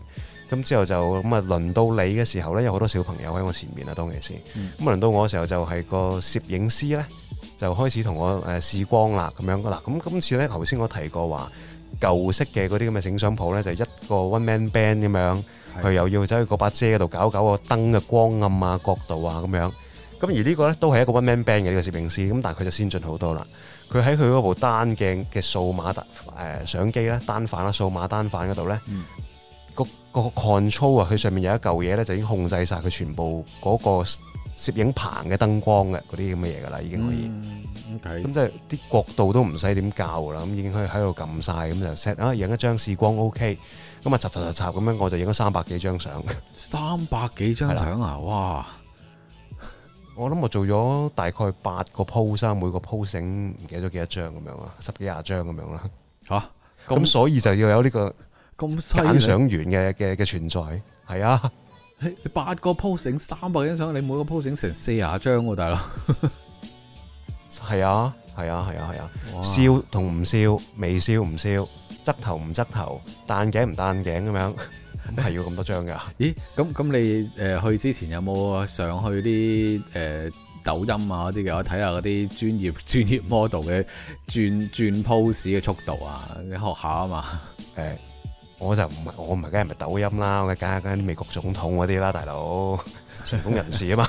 咁之後就咁啊輪到你嘅時候呢，有好多小朋友喺我前面啊，當其時咁啊、嗯、輪到我嘅時候就係個攝影師呢，就開始同我誒試光啦咁樣啦，咁今次呢，頭先我提過話舊式嘅嗰啲咁嘅整相鋪呢，就一個 one man band 咁樣。佢又要走去個把遮嗰度搞搞個燈嘅光暗啊、角度啊咁樣，咁而呢個咧都係一個 one man band 嘅呢個攝影師，咁但係佢就先進好多啦。佢喺佢嗰部單鏡嘅數碼誒相機咧、單反啦、數碼單反嗰度咧，個個 control 啊，佢上面有一嚿嘢咧就已經控制曬佢全部嗰個攝影棚嘅燈光嘅嗰啲咁嘅嘢㗎啦，已經可以。咁即係啲角度都唔使點教㗎啦，咁已經可以喺度撳曬，咁就 set 啊，影一張試光 OK。咁啊，插插插插咁樣，我就影咗三百幾張相。三百幾張相啊，哇！我諗我做咗大概八個 pose，每個 pose 唔記得咗幾多張咁樣啊，十幾廿張咁樣啦。吓，咁所以就要有呢個揀相員嘅嘅嘅存在。係啊，你八個 pose 影三百幾張相，你每個 pose 成四廿張喎，大佬。係 *laughs* 啊，係啊，係啊，係啊，笑同唔笑，微笑唔笑。燒側頭唔側頭，戴眼鏡唔戴眼鏡咁樣，係、欸、要咁多張噶？咦，咁咁你誒去之前有冇上去啲誒、呃、抖音啊嗰啲嘅？我睇下嗰啲專業專業 model 嘅轉轉 pose 嘅速度啊，你學下啊嘛。誒、欸，我就唔係，我唔係梗係咪抖音啦？我梗係梗係啲美國總統嗰啲啦，大佬成功人士啊嘛。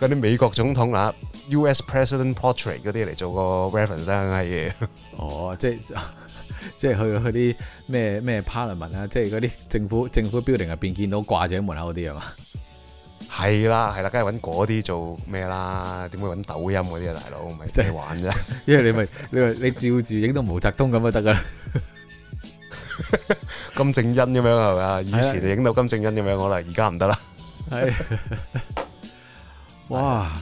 嗰啲 *laughs* *laughs* 美國總統啊，U.S. President Portrait 嗰啲嚟做個 reference 係、啊、嘅。哦，即係。 *laughs* 即係去去啲咩咩 parliament 啊，即係嗰啲政府政府 building 入邊見到掛住喺門口嗰啲啊嘛，係啦係啦，梗係搵嗰啲做咩啦？點會搵抖音嗰啲啊，大佬唔係即係玩啫、就是，玩因為你咪你你照住影到毛澤東咁就得噶啦，金正恩咁樣係咪啊？以前就影到金正恩咁樣可能，而家唔得啦。係，哎、哇樣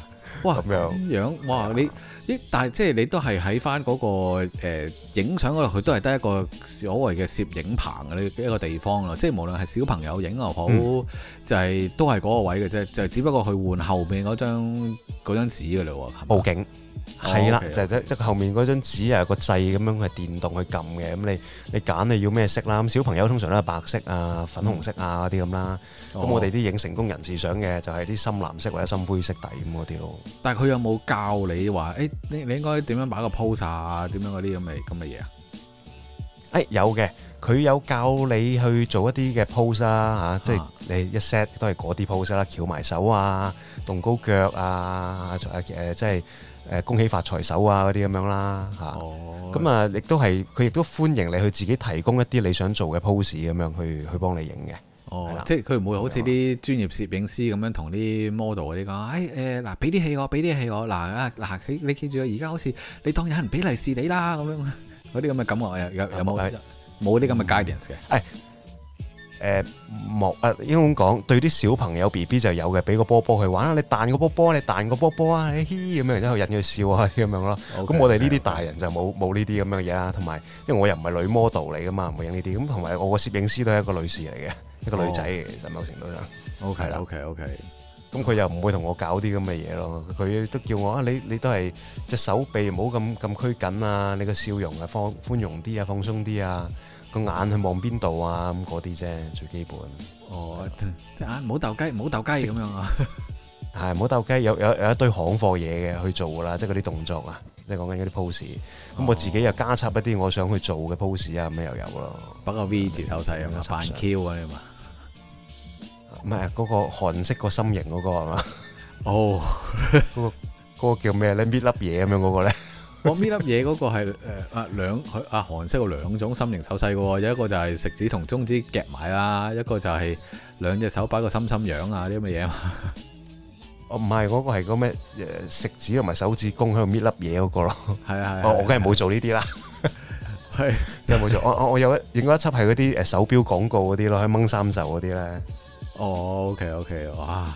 哇咁樣哇，哇你。咦？但係即係你都係喺翻嗰個影相嗰度，佢、呃、都係得一個所謂嘅攝影棚嘅呢一個地方咯。即係無論係小朋友影又好，嗯、就係都係嗰個位嘅啫。就只不過去換後面嗰張嗰張紙嘅嘞。報警。係啦，就即係即係後面嗰張紙啊，個掣咁樣係電動去撳嘅。咁你你揀你要咩色啦？咁小朋友通常都係白色啊、粉紅色啊嗰啲咁啦。咁我哋啲影成功人士相嘅就係啲深藍色或者深灰色底咁嗰啲咯。但係佢有冇教你話誒，你你應該點樣擺個 pose 啊？點樣嗰啲咁咪咁嘅嘢啊？誒有嘅，佢有教你去做一啲嘅 pose 啦嚇，即係你一 set 都係嗰啲 pose 啦，翹埋手啊，動高腳啊，誒即係。誒恭喜發財手啊嗰啲咁樣啦嚇，咁、哦、啊亦都係佢亦都歡迎你去自己提供一啲你想做嘅 pose 咁樣，去去幫你影嘅。哦，的即係佢唔會好似啲專業攝影師咁樣同啲 model 嗰啲講，誒誒嗱，俾啲戲我俾啲戲我嗱嗱，你你記住啊，而家好似你當有人俾利是你啦咁樣，嗰啲咁嘅感覺，有有冇冇啲咁嘅 guidance 嘅？誒莫啊，應該咁講對啲小朋友 B B 就有嘅，俾個波波去玩啦。你彈個波波，你彈個波波啊，你嘻嘻咁樣，然之後引佢笑啊咁樣咯。咁我哋呢啲大人就冇冇呢啲咁樣嘅嘢啊。同埋 okay, okay.，因為我又唔係女 model 嚟噶嘛，唔會影呢啲。咁同埋我個攝影師都係一個女士嚟嘅，oh. 一個女仔嘅其實某程度上。OK 啦，OK OK。咁佢又唔會同我搞啲咁嘅嘢咯。佢都叫我啊，你你都係隻手臂唔好咁咁拘緊啊。你個笑容啊，放寬容啲啊，放鬆啲啊。個眼係望邊度啊咁嗰啲啫，最基本。哦，眼唔好鬥雞，唔好鬥雞咁樣啊。係唔好鬥雞，有有有一堆行貨嘢嘅去做噶啦，即係嗰啲動作啊，即係講緊嗰啲 pose。咁我自己又加插一啲我想去做嘅 pose 啊，咁又有咯。不過 v 字 d e o 有啊，扮 Q 啊嘛。唔係啊，嗰個韓式個心形嗰個係嘛？哦，嗰個叫咩咧？搣粒嘢咁樣嗰個咧？我搣粒嘢嗰個係誒啊兩佢啊韓式有兩種心形手勢嘅，有一個就係食指同中指夾埋啦，一個就係兩隻手擺個心心樣啊啲咁嘅嘢啊。哦唔係，嗰個係個咩誒食指同埋手指公喺度搣粒嘢嗰個咯。係啊係。哦我梗係冇做呢啲啦。係梗係冇做。我我我有一影過一輯係嗰啲誒手表廣告嗰啲咯，可以掹衫袖嗰啲咧。哦 OK OK，哇！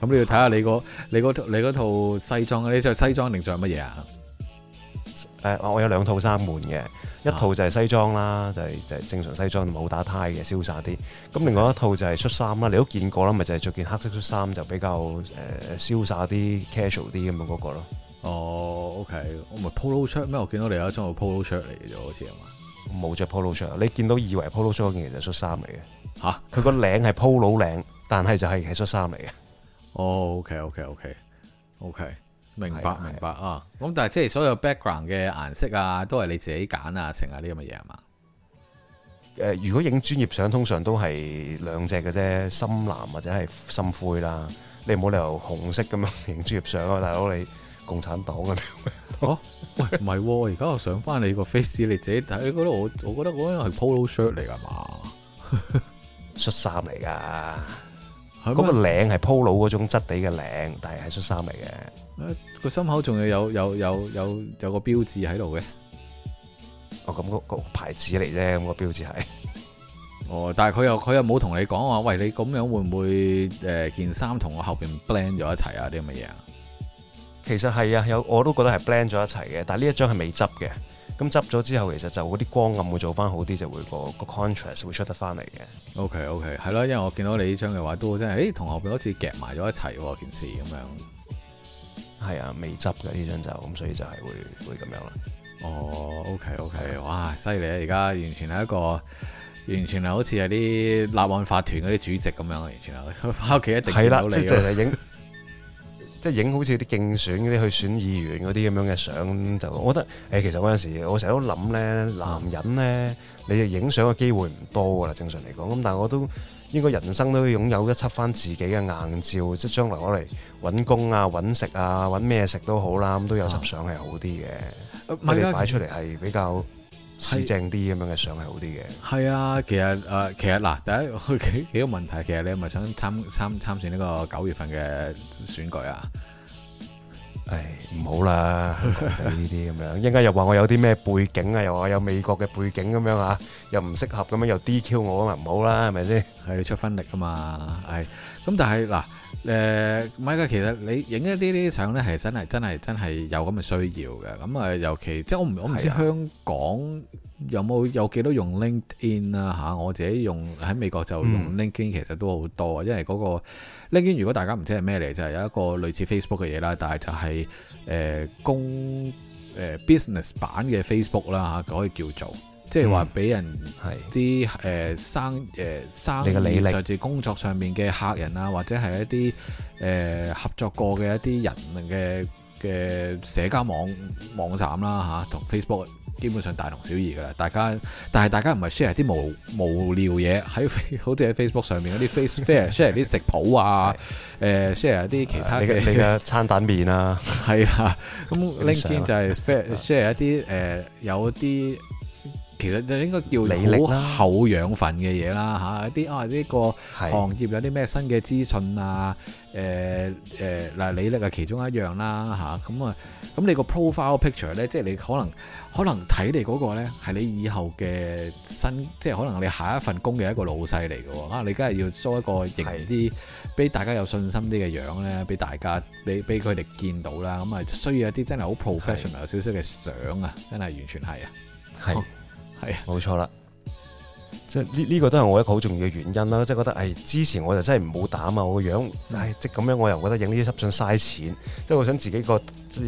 咁你要睇下你、那個你嗰、那個、套西裝，你着西裝定着乜嘢啊？誒、呃，我有兩套衫換嘅，一套就係西裝啦，啊、就係就係正常西裝冇打呔嘅，瀟灑啲。咁另外一套就係恤衫啦，啊、你都見過啦，咪就係着件黑色恤衫，就比較誒瀟灑啲、呃、casual 啲咁樣嗰、那個咯。哦，OK，我咪 polo shirt 咩？我見到你有一張係 polo shirt 嚟嘅啫，好似係嘛？冇着 polo shirt，你見到以為 polo shirt 嗰件其實恤衫嚟嘅。吓、啊，佢個領係 polo 領，但係就係係恤衫嚟嘅。哦、oh，OK，OK，OK，OK，okay, okay, okay, okay, 明白，啊、明白啊！咁、啊啊、但係即係所有 background 嘅顏色啊，都係你自己揀啊，成啊啲咁嘅嘢嘛？誒、呃，如果影專業相，通常都係兩隻嘅啫，深藍或者係深灰啦。你冇理由紅色咁樣影專業相啊， *laughs* 大佬你共產黨咁咩？哦， *laughs* 喂，唔係、啊，而家我上翻你個 face，你自己睇，你覺得我我覺得嗰樣係 polo shirt 嚟噶嘛，恤 *laughs* 衫嚟噶。嗰個領係鋪老嗰種質地嘅領，但係係恤衫嚟嘅。個心、啊、口仲要有有有有有個標誌喺度嘅。哦，咁、那個那個牌子嚟啫，那個標誌係。哦，但係佢又佢又冇同你講話，喂，你咁樣會唔會誒件衫同我後邊 blend 咗一齊啊啲咁嘅嘢啊？其實係啊，有，啊有我都覺得係 blend 咗一齊嘅，但係呢一張係未執嘅。咁執咗之後，其實就嗰啲光暗會做翻好啲，就會、個個 contrast 會出得翻嚟嘅。OK OK，係咯，因為我見到你呢張嘅話，都真係，誒、欸，同後邊好似夾埋咗一齊喎，件事咁樣。係啊，未執嘅呢張就，咁所以就係會會咁樣咯。哦、oh，OK OK，Yeah. 哇，犀利啊！而家完全係一個，完全係好似係啲立案法團嗰啲主席咁樣，完全係翻屋企一定見到你了 *laughs* 即係影好似啲競選嗰啲去選議員嗰啲咁樣嘅相，就我覺得、欸、其實嗰陣時我成日都諗咧，男人咧你哋影相嘅機會唔多㗎啦，正常嚟講。咁但係我都應該人生都擁有一輯翻自己嘅硬照，即係將來攞嚟揾工啊、揾食啊、揾咩食都好啦，咁都有輯相係好啲嘅。啊、你哋擺出嚟係比較市正啲咁樣嘅相係好啲嘅。係啊，其實誒、呃，其實嗱，第一幾幾個問題，其實你咪想參參參,參選呢個九月份嘅選舉啊？誒，唔好啦，呢啲咁樣，一陣間 *laughs* 又話我有啲咩背景啊，又話我有美國嘅背景咁樣啊，又唔適合咁樣，又 DQ 我啊嘛，唔好啦，係咪先？係你出分力啊嘛，係。咁但係嗱。誒，唔係㗎，其實你影一啲啲相咧，係真係真係真係有咁嘅需要嘅。咁啊，尤其即我唔我唔知香港有冇有幾多用 LinkedIn 啦、啊、嚇是、啊啊。我自己用喺美國就用 LinkedIn，其實都好多啊，嗯、因為嗰個 LinkedIn 如果大家唔知係咩嚟，就係、是、有一個類似 Facebook 嘅嘢啦，但係就係、是、公、呃呃、business 版嘅 Facebook 啦、啊、可以叫做。即係話俾人啲誒生誒生意，就住工作上面嘅客人啊，或者係一啲誒、呃、合作過嘅一啲人嘅嘅社交網網站啦嚇，同、啊、Facebook 基本上大同小異嘅啦。大家，但係大家唔係 share 啲無無聊嘢喺，好似喺 Facebook 上面嗰啲 Face Share share 啲食譜啊，誒是、呃、share 一啲其他嘅，你嘅你嘅餐蛋麵啊，係啊，咁、啊、LinkedIn 就係想 Share 一啲誒、呃、有啲。其實就應該叫你好厚養分嘅嘢啦嚇，一啲啊呢、呢個行業有啲咩新嘅資訊啊，誒誒嗱，履歷啊其中一樣啦、啊、嚇，咁啊咁你個 profile picture 咧，即係你可能可能睇你嗰個咧係你以後嘅新，即係可能你下一份工嘅一個老細嚟嘅喎啊，你梗係要收一個型啲，俾是的 大家有信心啲嘅樣咧，俾大家你俾佢哋見到啦，咁啊需要一啲真係好 professional 有少少嘅是相的啊，真係完全係啊，係。係冇錯啦，即係呢呢個都係我一個好重要嘅原因啦，即、就、係、是、覺得，誒、哎，之前我就真係冇膽啊，我個樣，、哎就是、樣，誒，即咁樣我又覺得影呢啲相嘥錢，即、就、係、是、我想自己個即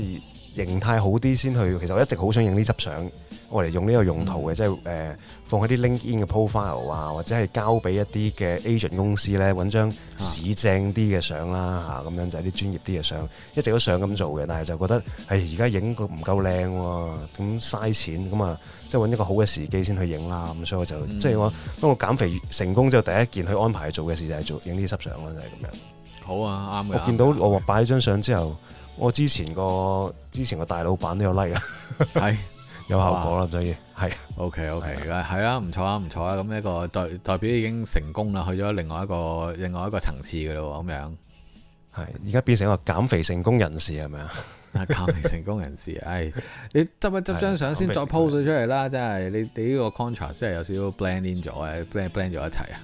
係形態好啲先去，其實我一直好想影呢執相。我嚟用呢個用途嘅，嗯、即係誒、呃、放喺啲 LinkedIn 嘅 profile 啊，或者係交俾一啲嘅 agent 公司咧，揾張市正啲嘅相啦嚇，咁、啊、樣就係、是、啲專業啲嘅相，一直都想咁做嘅，但係就覺得係而家影個唔夠靚喎、啊，咁嘥錢，咁啊即係揾一個好嘅時機先去影啦，咁所以我就、嗯、即係我當我減肥成功之後，第一件去安排做嘅事就係做影呢啲濕相啦。就係、是、咁樣。好啊，啱我見看到我擺咗張相之後，我之前個之前個大老闆都有 like 啊。係。有效果啦，所以係。O K O K，係啦，唔、okay, okay，啊啊、錯啊，唔錯啊。咁呢個代代表已經成功啦，去咗另外一個另外一個層次噶咯，咁樣係而家變成一個減肥成功人士係咪啊？減肥成功人士，唉、啊哎，你執一執張相先、啊，再 po 咗出嚟啦。啊、真係你你呢個 contrast 真係、啊、有少少 blend in 咗嘅，blend blend 咗一齊啊。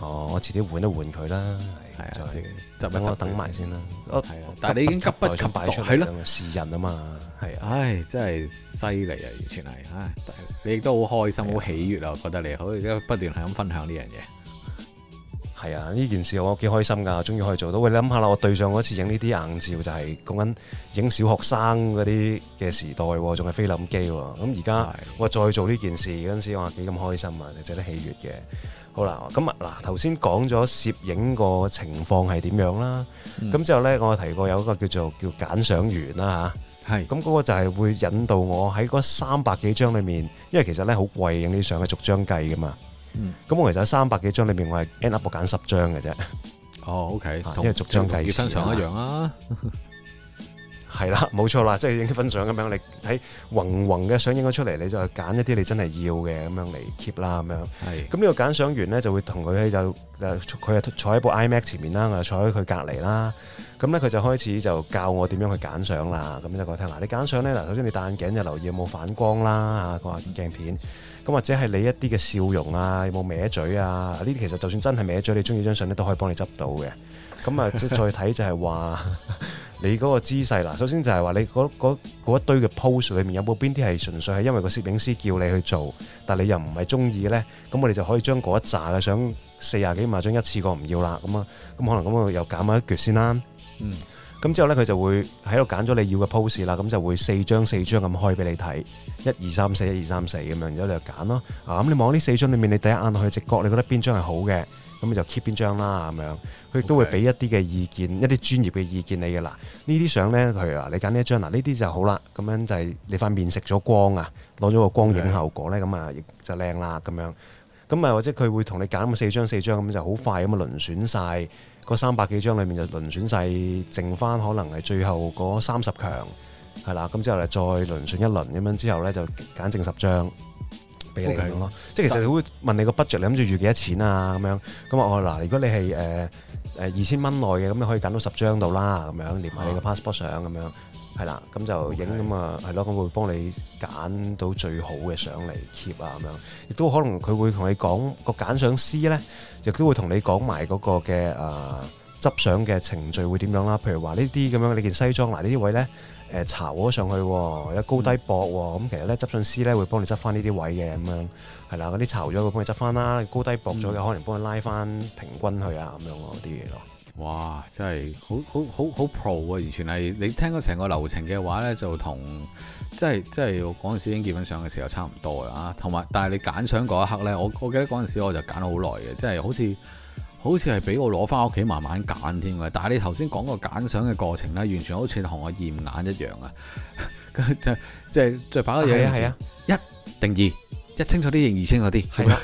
哦，我遲啲換一換佢啦。係啊，就等埋先啦，啊。但係你已經急不及待出嚟啦？試、啊、人啊嘛，係唉、啊啊，真係犀利啊，完全係。唉、哎，你亦都好開心，好喜悅啊，悅我覺得你，好而家不斷係咁分享呢樣嘢。係啊，呢件事我幾開心㗎，終於可以做到。喂，你諗下啦，我對上嗰次影呢啲硬照就係講緊影小學生嗰啲嘅時代喎，仲係菲林機喎。咁而家我再做呢件事嗰陣時，我幾咁開心啊，你值得喜悅嘅。好啦，咁啊，嗱，頭先講咗攝影個情況係點樣啦，咁之後咧，我提過有個叫做叫揀相員啦嚇，係，咁嗰個就係會引導我喺嗰三百幾張裏面，因為其實咧好貴，影啲相係逐張計噶嘛，咁我其實三百幾張裏面我係 end up 揀十張嘅啫，哦，OK，同逐張計要一樣啊。係啦，冇錯啦，即係影啲相咁樣，你睇宏宏嘅相影咗出嚟，你就揀一啲你真係要嘅咁樣嚟 keep 啦，咁樣。係是。咁呢個揀相完揀相員咧，就會同佢喺就佢啊坐喺部 iMac 前面啦，我就坐喺佢隔離啦。咁咧佢就開始就教我點樣去揀相啦。咁就講聽啦，你揀相咧嗱，首先你戴眼鏡就留意有冇反光啦啊，個鏡片。咁或者係你一啲嘅笑容啊，有冇歪嘴啊？呢啲其實就算真係歪嘴，你中意張相咧都可以幫你執到嘅。咁啊，即再睇就係話。你嗰個姿勢嗱，首先就係話你嗰一堆嘅 pose 裏面有冇邊啲係純粹係因為個攝影師叫你去做，但你又唔係中意咧，咁我哋就可以將嗰一紮嘅相四十幾萬張一次過唔要啦，咁啊，咁可能咁我又減埋一撅先啦。嗯，咁之後咧佢就會喺度揀咗你要嘅 pose 啦，咁就會四張四張咁開俾你睇，一二三四，一二三四咁樣，然之後你就揀咯。啊，咁你望呢四張裏面，你第一眼去直覺，你覺得邊張係好嘅？咁就 keep 邊張啦，咁樣佢都會俾一啲嘅意見，Okay. 一啲專業嘅意見你嘅啦。呢啲相呢，譬如啊，你揀呢一張，嗱呢啲就好啦。咁樣就係你塊面食咗光啊，攞咗個光影效果呢，咁啊 Okay. 就靚啦，咁樣。咁啊或者佢會同你揀咁四張四張咁，就好快咁樣輪選晒嗰三百幾張裏面，就輪選晒剩翻可能係最後嗰三十強，係啦。咁之後咧再輪選一輪咁樣之後呢，就揀剩十張。俾你咁樣咯，對即係其實佢會問你個 budget，你諗住預幾多錢啊？咁樣咁啊，我嗱，如果你係誒誒二千蚊內嘅，咁你可以揀到十張到啦，咁樣連埋你嘅 passport 相咁樣，係啦，咁對就影咁啊，係咯對，咁會幫你揀到最好嘅相嚟 keep 啊，咁樣，亦都可能佢會同你講、個揀相師咧，亦都會同你講埋嗰個嘅誒、啊、執相嘅程序會點樣啦。譬如話呢啲咁樣，你件西裝嗱呢啲位咧。誒炒咗上去，有高低膊喎。咁、嗯、其實咧，執信師咧會幫你執翻呢啲位嘅，咁樣係啦。嗰啲炒咗會幫你執翻啦，高低膊咗嘅可能幫你拉翻平均去啊咁、嗯、樣嗰啲嘢咯。哇！真係好好好好 pro 啊，完全係你聽過成個流程嘅話咧，就同即係即係我嗰陣時已經結婚相嘅時候差唔多啊。同埋，但係你揀相嗰一刻咧，我我記得嗰陣時我就揀咗好耐嘅，即係好似。好似係俾我攞翻屋企慢慢揀添㗎，但係你頭先講個揀相嘅過程咧，完全好似同我驗眼一樣啊！就即即即把嘅嘢，係啊！一定二，一清楚啲，二清楚啲，係啦，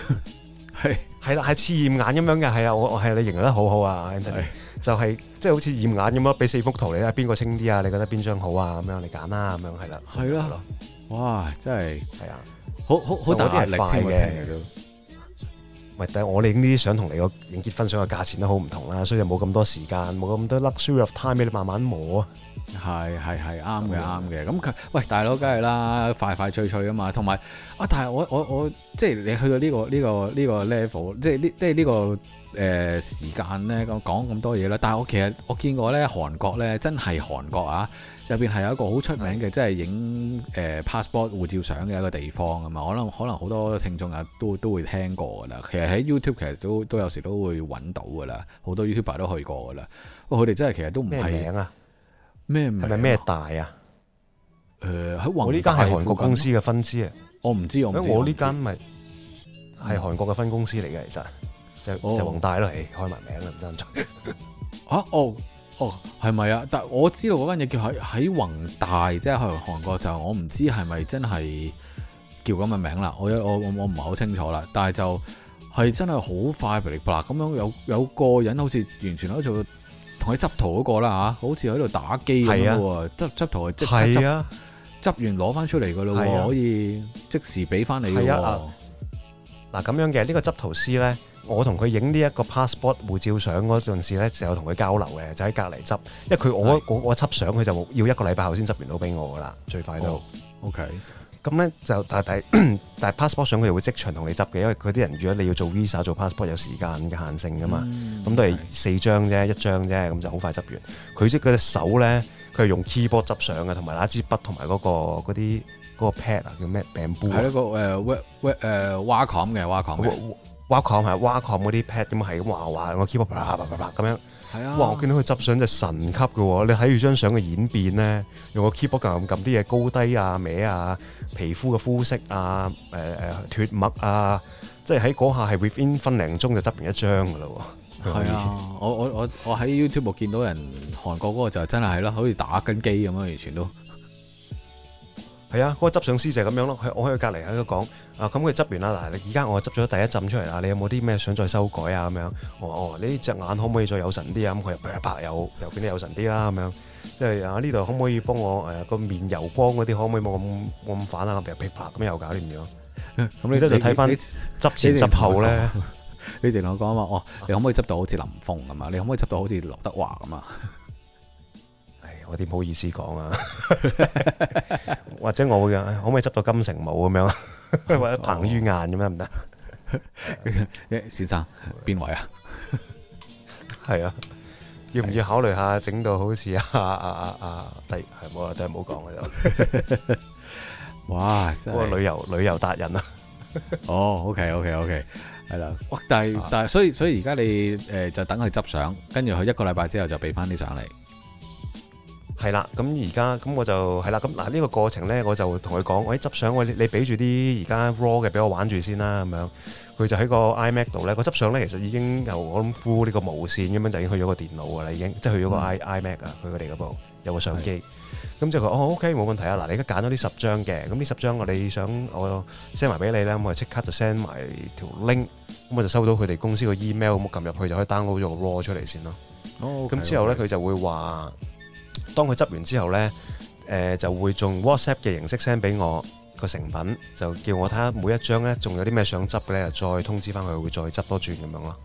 係係啦，係似驗眼咁樣嘅，係啊！我我係你形容得好好啊，Andy，就係即係好似驗眼咁咯，俾四幅圖你啊，邊個清啲啊？你覺得邊張好啊？咁樣你揀啦，咁樣係啦，係咯，哇！真係係啊，好好好大壓力嘅都。喂，但係我哋影呢啲相同你個影結婚相嘅價錢都好唔同啦，所以就冇咁多時間，冇咁多 luxury of time 俾你慢慢磨。係係係啱嘅啱嘅。咁佢，喂大佬，梗係啦，快快脆脆啊嘛。同埋啊，但係我我我即係你去到呢個呢個呢個 level，即係呢即係呢個誒、呃、時間咧，咁講咁多嘢啦。但係我其實我見過咧，韓國咧真係韓國啊！入邊係有一個好出名嘅，即係影誒 passport 護照相嘅一個地方啊嘛。可能可能好多聽眾啊都都會聽過噶啦。其實喺 YouTube 其實都都有時都會揾到噶啦。好多 YouTuber 都去過噶啦。佢哋真係其實都唔係名啊？咩名？係咪咩大啊？誒喺、呃、宏大大、哦、我呢間係、嗯、韓國公司嘅分支啊。我唔知我我呢間咪係韓國嘅分公司嚟嘅，其實就就宏大咯。誒開埋名啦，唔爭在吓哦。哦，係咪啊？但我知道嗰間嘢叫喺喺弘大，即係韓國，就我唔知係咪真係叫咁嘅名，我我我啦。我我我唔係好清楚啦。但係就係真係好快，噼里啪啦咁樣有有個人好似完全喺度同佢執圖嗰、嗰個啦嚇，好似喺度打機咁嘅喎。執執圖係即係執完攞翻出嚟嘅咯，啊、可以即時俾翻你。嗱咁、啊啊、樣嘅呢，呢個執圖師咧。我同佢影呢一個 passport 護照相嗰陣時咧，就有同佢交流嘅，就喺隔離執，因為佢我的我我執相佢就要一個禮拜後先執完到俾我噶啦，最快都、oh, OK。咁咧就但係但係 passport 相佢就會即場同你執嘅，因為佢啲人如果你要做 visa 做 passport 有時間嘅限制噶嘛，咁都係四張啫，一的張啫，咁就好快執完。佢即嗰隻手咧，佢係用 keyboard 執相嘅，同埋攞支筆、那個，同埋嗰個嗰啲嗰個 pad 啊，叫咩？Bamboo 係一 o o r k 誒 Wacom 嘅。Wacom 係 Wacom 嗰啲 pad，咁解係咁話話個 keyboard 啪啪啪啪咁樣？啊、哇！我見到佢執相就神級嘅喎，你睇住張相嘅演變咧，用個 keyboard 撳撳啲嘢高低啊、歪啊、皮膚嘅膚色啊、誒誒脱麥啊，即係喺嗰下係 within 分零鐘就執完一張嘅啦。係啊，我我我我喺 YouTube 度見到人韓國嗰個就真係係咯，好似打緊機咁樣完全都。係啊，嗰、那個執相師就係咁樣咯，我喺佢隔離喺度講，啊咁佢執完啦，嗱，而家我執咗第一浸出嚟啦，你有冇啲咩想再修改啊？咁樣，我話哦，你隻眼可唔可以再有神啲啊？咁佢又啪啪又又變得有神啲啦，咁樣，即係啊呢度可唔可以幫我誒個、呃、面油光嗰啲可唔可以冇咁冇咁反啊？噼啪咁又搞掂咗，咁你即係睇翻執前執後咧，你成日講 *laughs* 話，講 *laughs* 話講哦，你可唔可以執到好似林峰咁啊？你可唔可以執到好似劉德華咁啊？我點好意思講啊？ *laughs* 或者我會嘅，可唔可以執到金城武咁 *laughs* 樣？或者彭于晏咁樣唔得？先生邊位啊？係啊，要唔要考慮下整到好似啊，啊，啊，啊，弟？係冇啊，都係唔好講嘅哇！嗰個旅遊旅遊達人啊！哦，OK OK OK，係啦。但、啊、但所以所以而家你誒就等佢執相，跟住佢一個禮拜之後就俾翻啲相嚟。係啦，咁而家咁我就係啦，咁嗱呢個過程咧，我就同佢講，喂，喺執相，喂，你俾住啲而家 raw 嘅俾我玩住先啦，咁樣佢就喺個 iMac 度咧，個執相咧其實已經由我咁敷呢個無線咁樣就已經去咗個電腦㗎啦，已經即係去咗個 iMac 啊、嗯，佢哋嗰部有個相機，咁是就佢哦 OK 冇問題啊，嗱你而家揀咗呢十張嘅，咁呢十張我哋想我 send 埋俾你啦，咁我即刻就 send 埋條 link，咁我就收到佢哋公司個 email，咁我撳入去就可以 download 咗個 raw 出嚟先咯。哦，咁、okay，之後咧佢、嗯、就會話。當佢執完之後呢，誒、呃、就會用 WhatsApp 嘅形式 send 俾我個成品，就叫我睇下每一張呢仲有啲咩想執呢，咧，再通知翻佢會再執多轉咁樣咯。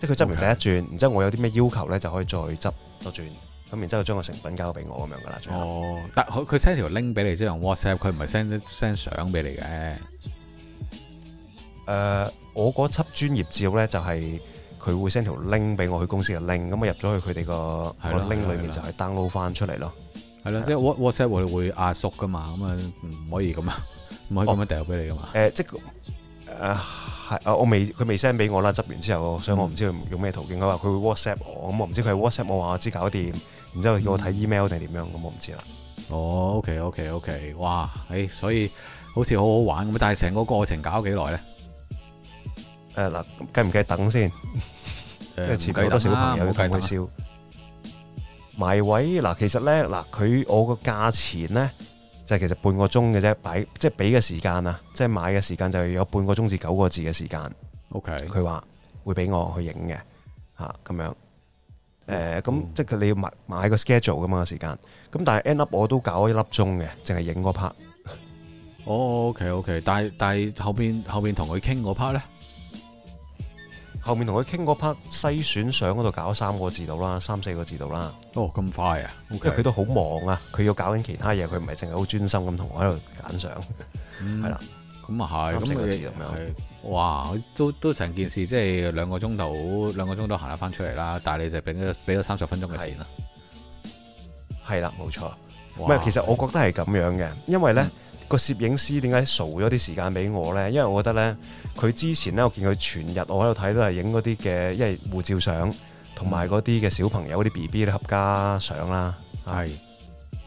即係佢執完第一轉，然之後我有啲咩要求呢，就可以再執多轉，咁然之後將個成品交俾我咁樣噶啦。哦，但佢 send 條 link 俾你即係、就是、用 WhatsApp，佢唔係 send 一 send 相俾你嘅。誒、呃，我嗰輯專業照呢，就係、是。佢會 send 條 link 俾我去公司嘅 link，咁我入咗去佢哋個 link 裏面就係 download 翻出嚟咯。係啦，即 WhatsApp 我哋會壓縮噶嘛，咁啊唔可以咁啊，唔可以咁樣掉俾你噶嘛。誒，即係啊啊，我未佢未 send 俾我啦，執完之後，所以我唔知佢用咩途徑。佢話佢會 WhatsApp 我，咁我唔知佢係 WhatsApp 我，話我知搞掂，然之後叫我睇 email 定係點樣，咁我唔知啦。哦，OK OK OK，哇，誒、欸，所以好似好好玩咁，但係成個過程搞幾耐咧？誒嗱、呃，計唔計等先？ *laughs* 因為前幾日都識朋友去介紹埋位嗱，他啊、其實咧嗱佢我個價錢咧就係、是、其實半個鐘嘅啫，擺即係俾嘅時間啊，即、就、係、是、買嘅時間就係有半個鐘至九個字嘅時間。OK，佢話會俾我去影嘅吓，咁樣。誒咁、嗯嗯、即係你要買買個 schedule 咁噶嘅時間。咁但係 end up 我都搞一粒鐘嘅，淨係影嗰 part。哦、oh, OK OK，但係但係後邊後邊同佢傾嗰 part 咧。後面同佢傾嗰 part 篩選相嗰度搞三個字度啦，三四個字度啦。哦，咁快啊！因為佢都好忙啊，佢要的搞緊其他嘢，佢唔係淨係好專心咁同我喺度揀相。係啦、嗯，咁啊係三四個字咁樣、嗯嗯。哇，都都成件事即係兩個鐘頭，兩個鐘都行得翻出嚟啦。但係你就俾咗俾咗三十分鐘嘅時間。係啦，冇錯。唔哇其實我覺得係咁樣嘅，因為咧個、嗯、攝影師點解傻咗啲時間俾我咧？因為我覺得咧。佢之前咧，我見佢全日我喺度睇都係影嗰啲嘅，因為護照相，同埋嗰啲嘅小朋友嗰啲 BB 咧合家相啦，係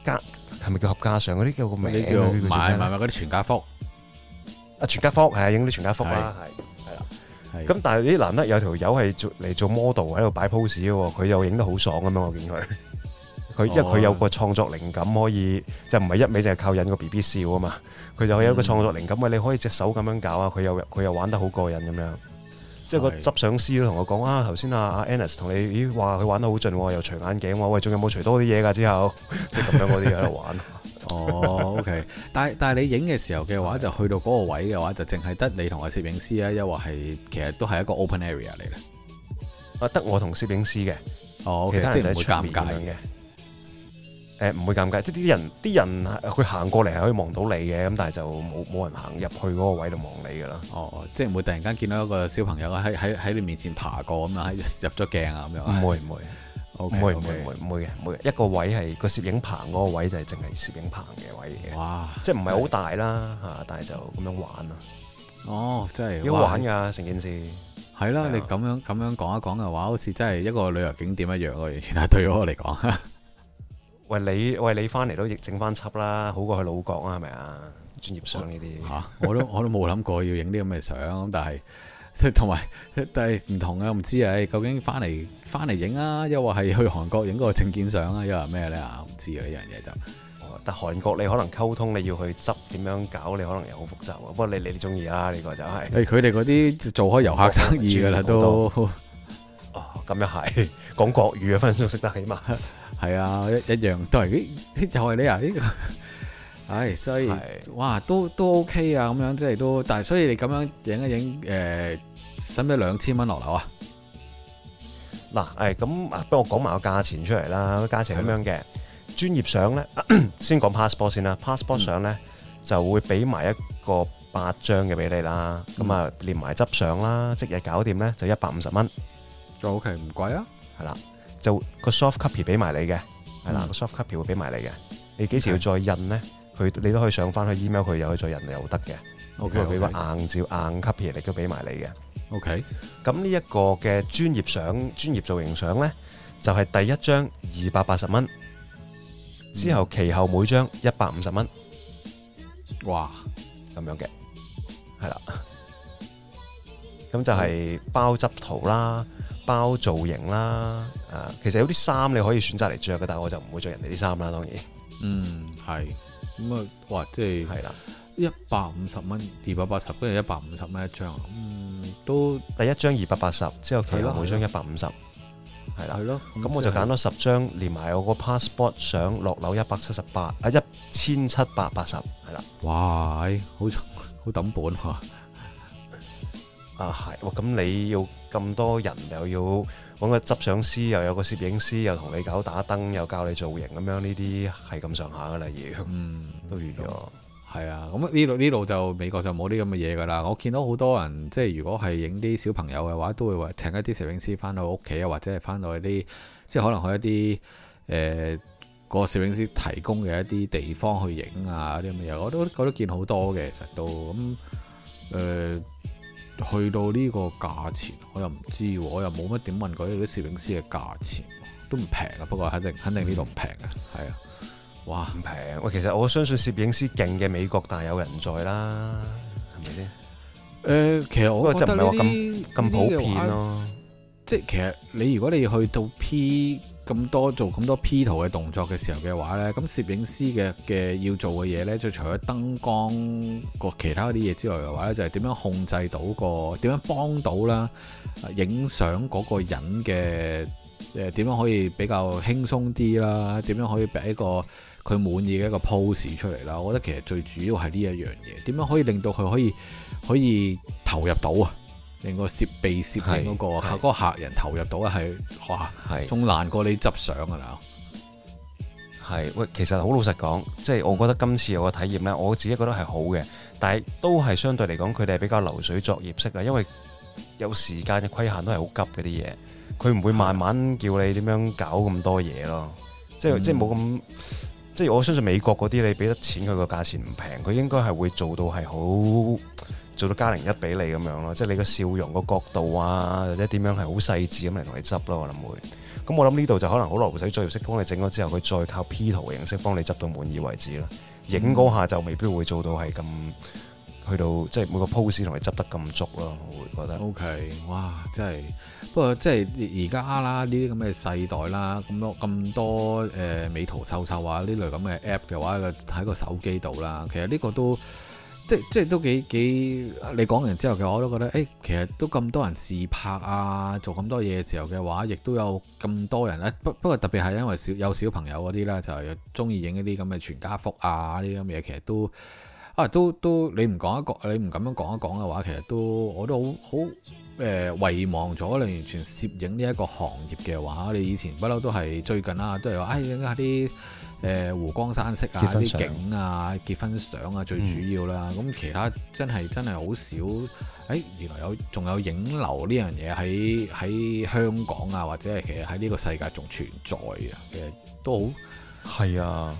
家係咪叫合家相嗰啲叫個名？叫，叫買買買啲全家福，啊全家福係影啲全家福是啊，係係啦。咁、啊啊、但係呢難得有條友係做嚟做 model 喺度擺 pose 喎，佢又影得好爽咁樣，我見佢。佢，因為佢有個創作靈感可以，就唔係一味淨係靠引個 BB 笑啊嘛。佢就有一個創作靈感，喂，mm. 你可以隻手咁樣搞啊。佢又佢又玩得好過癮咁樣。即係個執相師都同我講是啊，頭先啊啊 Annis 同你，咦話佢玩得好盡，又除眼鏡喎。喂，仲有冇除多啲嘢㗎？之後即係咁樣啲喺度玩。哦、oh,，OK， *laughs* 但係但係你影嘅時候嘅話,是話，就去到嗰個位嘅話，就淨係得你同個攝影師啊，又或係其實都係一個 open area 嚟咧。啊，得我同攝影師嘅，哦，oh, okay. 即係唔會尷尬嘅。誒唔、呃、會尷尬，即係啲人啲人佢行過嚟係可以望到你嘅，咁但係就冇冇人行入去嗰個位度望你㗎啦。哦，即係唔會突然間見到一個小朋友喺喺喺你面前爬過咁啊，喺入咗鏡啊咁樣。唔會唔會，唔會唔 Okay, okay, 會唔會嘅。每一個位係、嗰個攝影棚嗰個位就係淨係攝影棚嘅位嘅。哇！即係唔係好大啦嚇，是的但係就咁樣玩啊。哦，真係要玩㗎成哇件事。係啦的，的你咁樣咁樣講一講嘅話，好似真係一個旅遊景點一樣咯。原來對我嚟講。 *laughs* 喂你喂你翻嚟都影整翻輯啦，好過去老國啊，係咪啊？專業相呢啲吓，我都我都冇諗過要影啲咁嘅相，但係同埋但係唔同啊，我唔知啊，究竟翻嚟翻嚟影啊，又話係去韓國影個證件相啊，又話咩咧啊？唔知啊，呢樣嘢就，哦、但韓國你可能溝通你要去執點樣搞，你可能又好複雜。不過你你哋中意啦，呢、這個就係佢哋嗰啲做開遊客生意噶啦都哦，咁又係講國語嘅，分分鐘識得起碼。 *laughs* 係啊，一一樣都係，呢、哎、又係你啊呢、這個，唉、哎，真係哇，都都 OK 啊，咁樣即係都，但係所以你咁樣影一影，誒、呃，使唔使兩千蚊落樓啊？嗱、哎，誒咁，不過講埋個價錢出嚟啦，價錢咁樣嘅專業相咧，先講 passport 先啦，passport 相咧、嗯、就會俾埋一個八張嘅俾你啦，咁啊、嗯、連埋執相啦，即日搞掂咧就一百五十蚊，就 OK 唔貴啊，係啦、啊。就個 soft copy 俾埋你嘅，係啦、嗯，個 soft copy 會俾埋你嘅。你幾時要再印呢？佢 Okay. 你都可以上翻去 email 佢，又可以再印又得嘅。OK，俾個硬照硬 copy 亦都俾埋你嘅。OK，咁呢一個嘅專業相、專業造型相呢，就係、係、第一張二百八十蚊，嗯、之後其後每張一百五十蚊。哇，咁樣嘅係啦，咁就係包執圖啦。包造型啦，啊，其實有啲衫你可以選擇嚟着嘅，但係我就唔會着人哋啲衫啦，當然。嗯，係，咁啊，哇、啊，即係係啦，一百五十蚊，二百八十，都係一百五十蚊一張啊。嗯，都第一張二百八十，之後其餘每張一百五十，係啦。係咯，咁我就揀咗十張，連埋我個 passport 上落樓一百七十八，啊，一千七百八十，係啦、啊。80, 啊、哇，好，好抌本喎。啊，係喎！咁你要咁多人，又要揾個執相師，又有個攝影師，又同你搞打燈，又教你造型咁樣，呢啲係咁上下噶啦，如、嗯嗯，嗯都預咗，係啊！咁呢度呢度就美國就冇啲咁嘅嘢噶啦。我見到好多人，即係如果係影啲小朋友嘅話，都會請一啲攝影師翻到屋企啊，或者係翻到一啲即係可能去一啲、呃、個攝影師提供嘅一啲地方去影啊啲咁嘅嘢，我都我都見好多嘅，其實都咁誒。嗯呃去到呢個價錢，我又唔知喎，我又冇乜點問過啲攝影師嘅價錢，都唔平啊！不過肯定肯定呢度唔平嘅，係、嗯、啊，哇唔平！喂，其實我相信攝影師勁嘅美國大有人在啦，係咪先？誒吧，呃、其實我覺得即係唔係話咁咁普遍咯，即係其實你如果你去到 P 咁多做咁多 P 圖嘅動作嘅時候嘅話咧，咁攝影師嘅嘅要做嘅嘢咧，就除咗燈光個其他啲嘢之外嘅話咧，就係點樣控制到個點樣幫到啦影相嗰個人嘅誒點樣可以比較輕鬆啲啦，點樣可以俾一個佢滿意嘅一個 pose 出嚟啦？我覺得其實最主要係呢一樣嘢，點樣可以令到佢可以可以投入到啊！成個設備設備嗰個客嗰個客人投入到係哇，仲難過你執相㗎！係喂，其實好老實講，即係我覺得今次我嘅體驗咧，我自己覺得係好嘅，但係都係相對嚟講，佢哋係比較流水作業式嘅，因為有時間嘅規限都係好急嗰啲嘢，佢唔會慢慢叫你點樣搞咁多嘢咯。即係，嗯，即係冇咁，即係我相信美國嗰啲，你俾得錢佢個價錢唔平，佢應該係會做到係好。做到加零一俾你咁樣咯，即係你個笑容個角度啊，或者點樣係好細緻咁嚟同你執咯，我諗會。咁我諗呢度就可能好耐唔使專業式幫你整咗之後，佢再靠 P 圖嘅形式幫你執到滿意為止啦。影嗰下就未必會做到係咁，去到即係、就是、每個 pose 同你執得咁足咯。我會覺得 OK，哇！真係，不過即係而家啦，呢啲咁嘅世代啦，咁多咁多誒、呃、美圖秀秀啊呢類咁嘅 app 嘅話，喺個手機度啦，其實呢個都。即即都幾幾你講完之後嘅，我都覺得誒、哎，其實都咁多人自拍啊，做咁多嘢時候嘅話，亦都有咁多人咧。不不過特別係因為小有小朋友嗰啲咧，就係中意影一啲咁嘅全家福啊，呢啲咁嘢其實都啊都都你唔講一個，你唔咁樣講一講嘅話，其實都我都好好誒遺忘咗你完全攝影呢一個行業嘅話，你以前不嬲都係最近啊，都係話、哎、影下啲。誒、呃、湖光山色啊，啲景啊，結婚相啊，最主要啦。咁、嗯、其他真係真係好少。誒、欸、原來有仲有影樓呢樣嘢喺喺香港啊，或者係其實喺呢個世界仲存在嘅，其實都好係啊。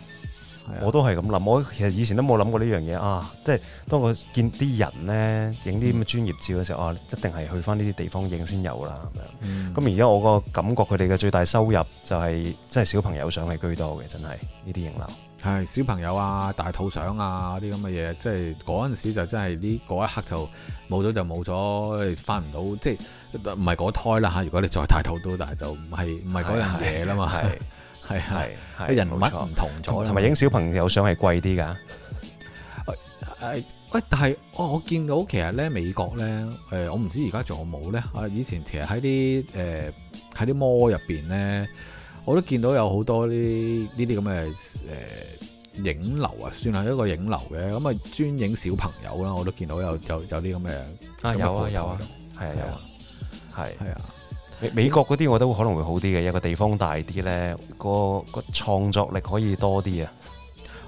我都係咁諗，我其實以前都冇諗過呢樣嘢啊！即係當我見啲人咧影啲咁嘅專業照嘅時候，啊，一定係去翻呢啲地方影先有啦咁樣。咁而家我個感覺，佢哋嘅最大收入就係即係小朋友相係居多嘅，真係呢啲影樓。係小朋友啊，大肚相啊，啲咁嘅嘢，即係嗰陣時就真係呢，嗰一刻就冇咗就冇咗，翻唔到即係唔係嗰胎啦嚇！如果你再大肚都但大就唔係唔係嗰樣嘢啦嘛係。是係係係，人物唔同咗，同埋影小朋友相係貴啲噶。喂、哎哎！但係我我見到其實咧，美國咧，誒、呃，我唔知而家仲有冇咧。啊，以前其實喺啲誒喺啲 mall 入邊咧，我都見到有好多啲呢啲咁嘅誒影樓啊，算係一個影樓嘅，咁啊專影小朋友啦。我都見到有有有啲咁嘅啊，有啊，啊有啊，係啊係啊。美美國嗰啲我都可能會好啲嘅，有個地方大啲呢，個、個創作力可以多啲啊！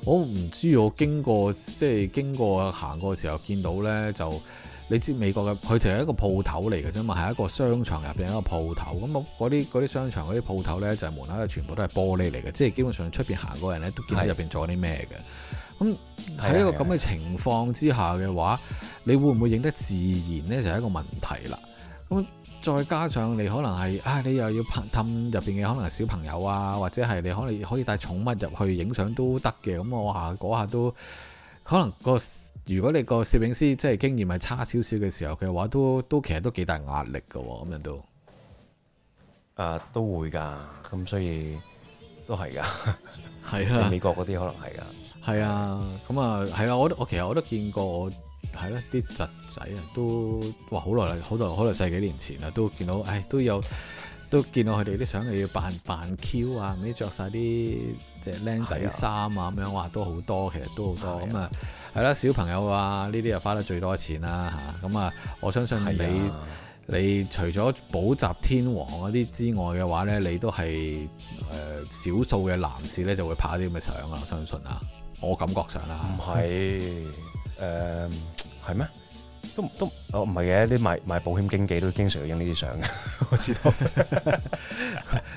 我唔知我經過即係經過行過嘅時候見到呢，就你知美國嘅佢就係一個鋪頭嚟嘅啫嘛，係一個商場入邊一個鋪頭。咁啊，啲啲商場嗰啲鋪頭呢，就係、門口全部都係玻璃嚟嘅，即係基本上出邊行過嘅人呢，都見到入邊做啲咩嘅。咁喺是的 一個咁嘅情況之下嘅話，是的 你會唔會影得自然呢？就係、係、一個問題啦。咁。再加上你可能係啊、哎，你又要拍氹入邊嘅可能係小朋友啊，或者係你可能可以帶寵物入去影相都得嘅。咁我話嗰下都可能個，如果你個攝影師即係經驗係差少少嘅時候，佢話都都其實都幾大壓力嘅喎、哦。咁樣都啊都會㗎，咁所以都係㗎，係啊的。 *laughs* 美國嗰啲可能係㗎，係啊的。咁啊係啊，我我其實我都見過係啦，啲侄仔啊，都哇好耐啦，好耐好耐十幾年前啦，都見到，唉，都有都見到佢哋啲相，要扮扮 Q 啊，咁啲著曬啲即係僆仔衫啊，咁的樣，哇，都好多，其實都好多咁啊。係啦的，小朋友啊，呢啲又花得最多錢啦、啊、嚇。咁啊，我相信你，的你除咗補習天王嗰啲之外嘅話咧，你都係誒少數嘅男士咧就會拍啲咁嘅相啊。我相信啊，我感覺上啦，唔係是。誒，係咩、嗯？都都哦，唔係嘅，啲賣賣保險經紀都經常影呢啲相嘅。我知道，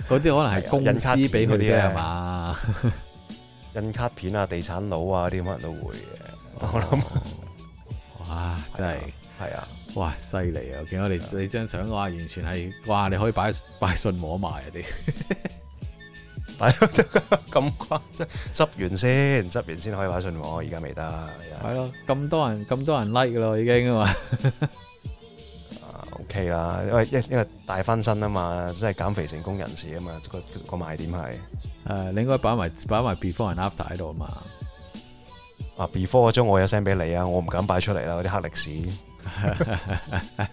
嗰啲可能係公司俾佢啲，係嘛、就是？是吧 *laughs* 印卡片啊，地產佬啊，啲乜人都會嘅。我諗，哇，真係，係啊，哇，犀利啊！見到你你張相嘅話，完全係哇，你可以擺擺信摸埋啲。 *laughs* 係咯，咁關即係執完先，執完先可以把信。我而家未得。係咯，咁多人咁多人 like 咯，已經啊嘛，OK 啦，因為一因為大翻身啊嘛，即係減肥成功人士啊嘛，個個賣點係誒、啊，你應該擺埋擺埋 before 同 after 喺度啊嘛。啊，before 我將我有 send 俾你啊，我唔敢擺出嚟啦，嗰啲黑歷史。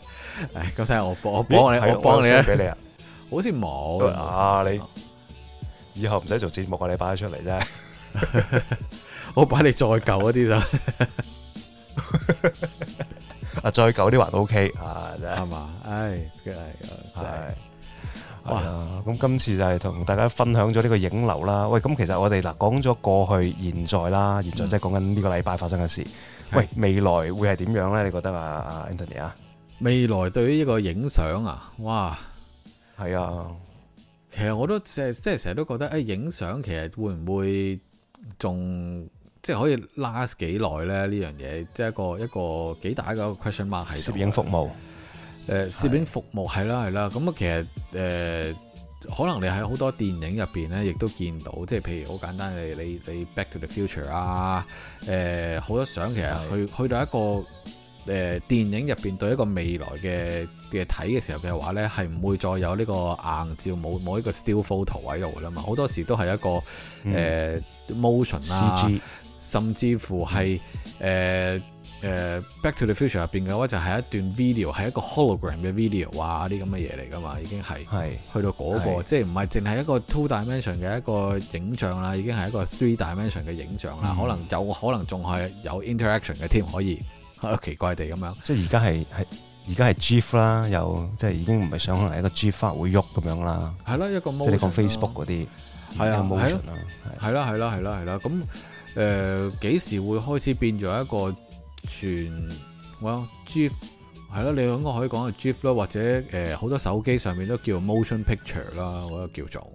咁先、 *laughs* *laughs* 啊、我幫我幫你，欸、我幫你,我你 *laughs* 好似冇啊你。以後唔使做節目啊！你擺出嚟啫，我擺你再舊一啲就，啊再舊啲還都 OK 啊，真係嘛？唉，真係真係哇！咁今次就係同大家分享咗呢個影樓啦。喂，咁其實我哋嗱講咗過去、現在啦，現在即係講緊呢個禮拜發生嘅事。喂，未來會係點樣咧？你覺得啊啊，Anthony 啊？未來對於呢個影相啊，哇，係啊。其實我都即係成日都覺得，誒影相其實會唔會仲即係可以 last 幾耐咧？呢樣嘢即係一個一個幾大嘅一個 question mark 係攝影服務誒、呃，攝影服務係啦，係啦。咁啊是、嗯，其實誒、呃、可能你喺好多電影入邊咧，亦都見到即係譬如好簡單嘅你你 Back to the Future 啊誒好、呃、多相其實去的去到一個。誒、呃、電影入面對一個未來嘅嘅睇嘅時候嘅話咧，係唔會再有呢個硬照冇冇一個 still photo 喺度噶啦嘛。好多時都係一個、嗯呃、motion 啊，CG 甚至乎係、呃呃、Back to the Future 入面嘅話就係一段 video，係一個 hologram 嘅 video 啊啲咁嘅嘢嚟噶嘛，已經係是去到嗰、嗰個是即係唔係淨係一個 two dimension 嘅一個影像啦，已經係一個 three dimension 嘅影像啦。嗯、可能有可能仲係有 interaction 嘅添，嗯、可以。奇怪地咁樣，即係而家係係而家係 gif 啦，又即係已經唔係想可能一個 gif 會喐咁樣啦。係啦，一個 motion 即係你講 Facebook 嗰啲，係啊，係咯，係啦，係啦，係啦，係啦。咁誒幾時會開始變咗一個全我 gif？係啦，你應該可以講係 gif 啦，或者誒好多手機上面都叫做 motion picture 啦，我覺得叫做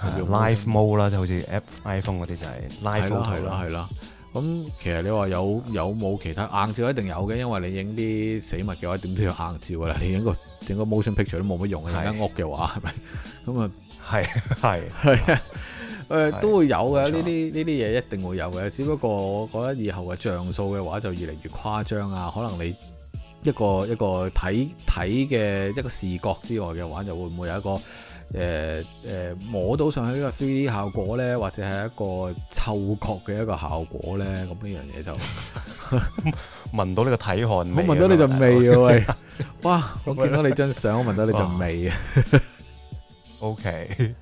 係叫 live mode 啦，就好似 App iPhone 嗰啲就係 live m 啦，係啦。咁其實你話有有冇其他硬照一定有嘅，因為你影啲死物嘅話點都要硬照噶啦。你影個影個 motion picture 都冇乜用嘅，一間屋嘅話係咪咁啊？係係係啊，誒都會有嘅呢啲呢啲嘢一定會有嘅。只不過我覺得以後嘅像素嘅話就越嚟越誇張啊。可能你一個一個睇睇嘅一個視覺之外嘅話，就會唔會有一個。誒誒、呃呃，摸到上去呢個 3D 效果咧，或者係一個嗅覺嘅一個效果咧，咁呢樣嘢就聞 *laughs* 到呢個體汗味。我聞到你陣味啊 *laughs* 喂！哇，我見到你張相，我聞到你陣味、 *laughs* okay. 啊。O K，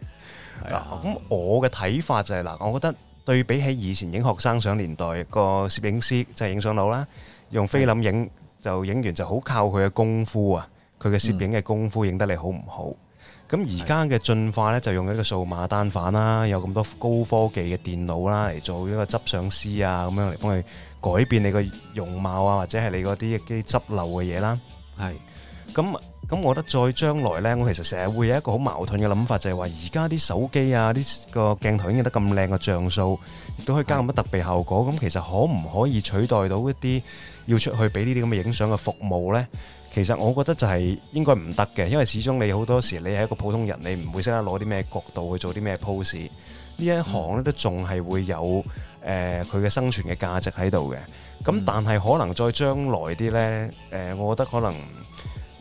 嗱，咁我嘅睇法就係、是、嗱，我覺得對比起以前影學生相年代、個攝影師，就係影相佬啦，用菲林影就影完就好靠佢嘅功夫啊，佢嘅攝影嘅功夫影得你好唔好？嗯咁而家嘅進化咧，就用咗一個數碼單反啦，有咁多高科技嘅電腦啦，嚟做一個執相師啊，咁樣嚟幫佢改變你個容貌啊，或者係你嗰啲一啲執漏嘅嘢啦。係，咁咁，我覺得再將來咧，我其實成日會有一個好矛盾嘅諗法，就係話而家啲手機啊，啲個鏡頭已經影得咁靚嘅像素，亦都可以加咁多特別效果，咁其實可唔可以取代到一啲要出去俾呢啲咁嘅影相嘅服務咧？其實我覺得就係應該唔得嘅，因為始終你好多時你係一個普通人，你唔會識得攞啲咩角度去做啲咩 pose。呢一行咧都仲係會有誒佢嘅生存嘅價值喺度嘅。咁但係可能再將來啲呢，誒、呃，我覺得可能呢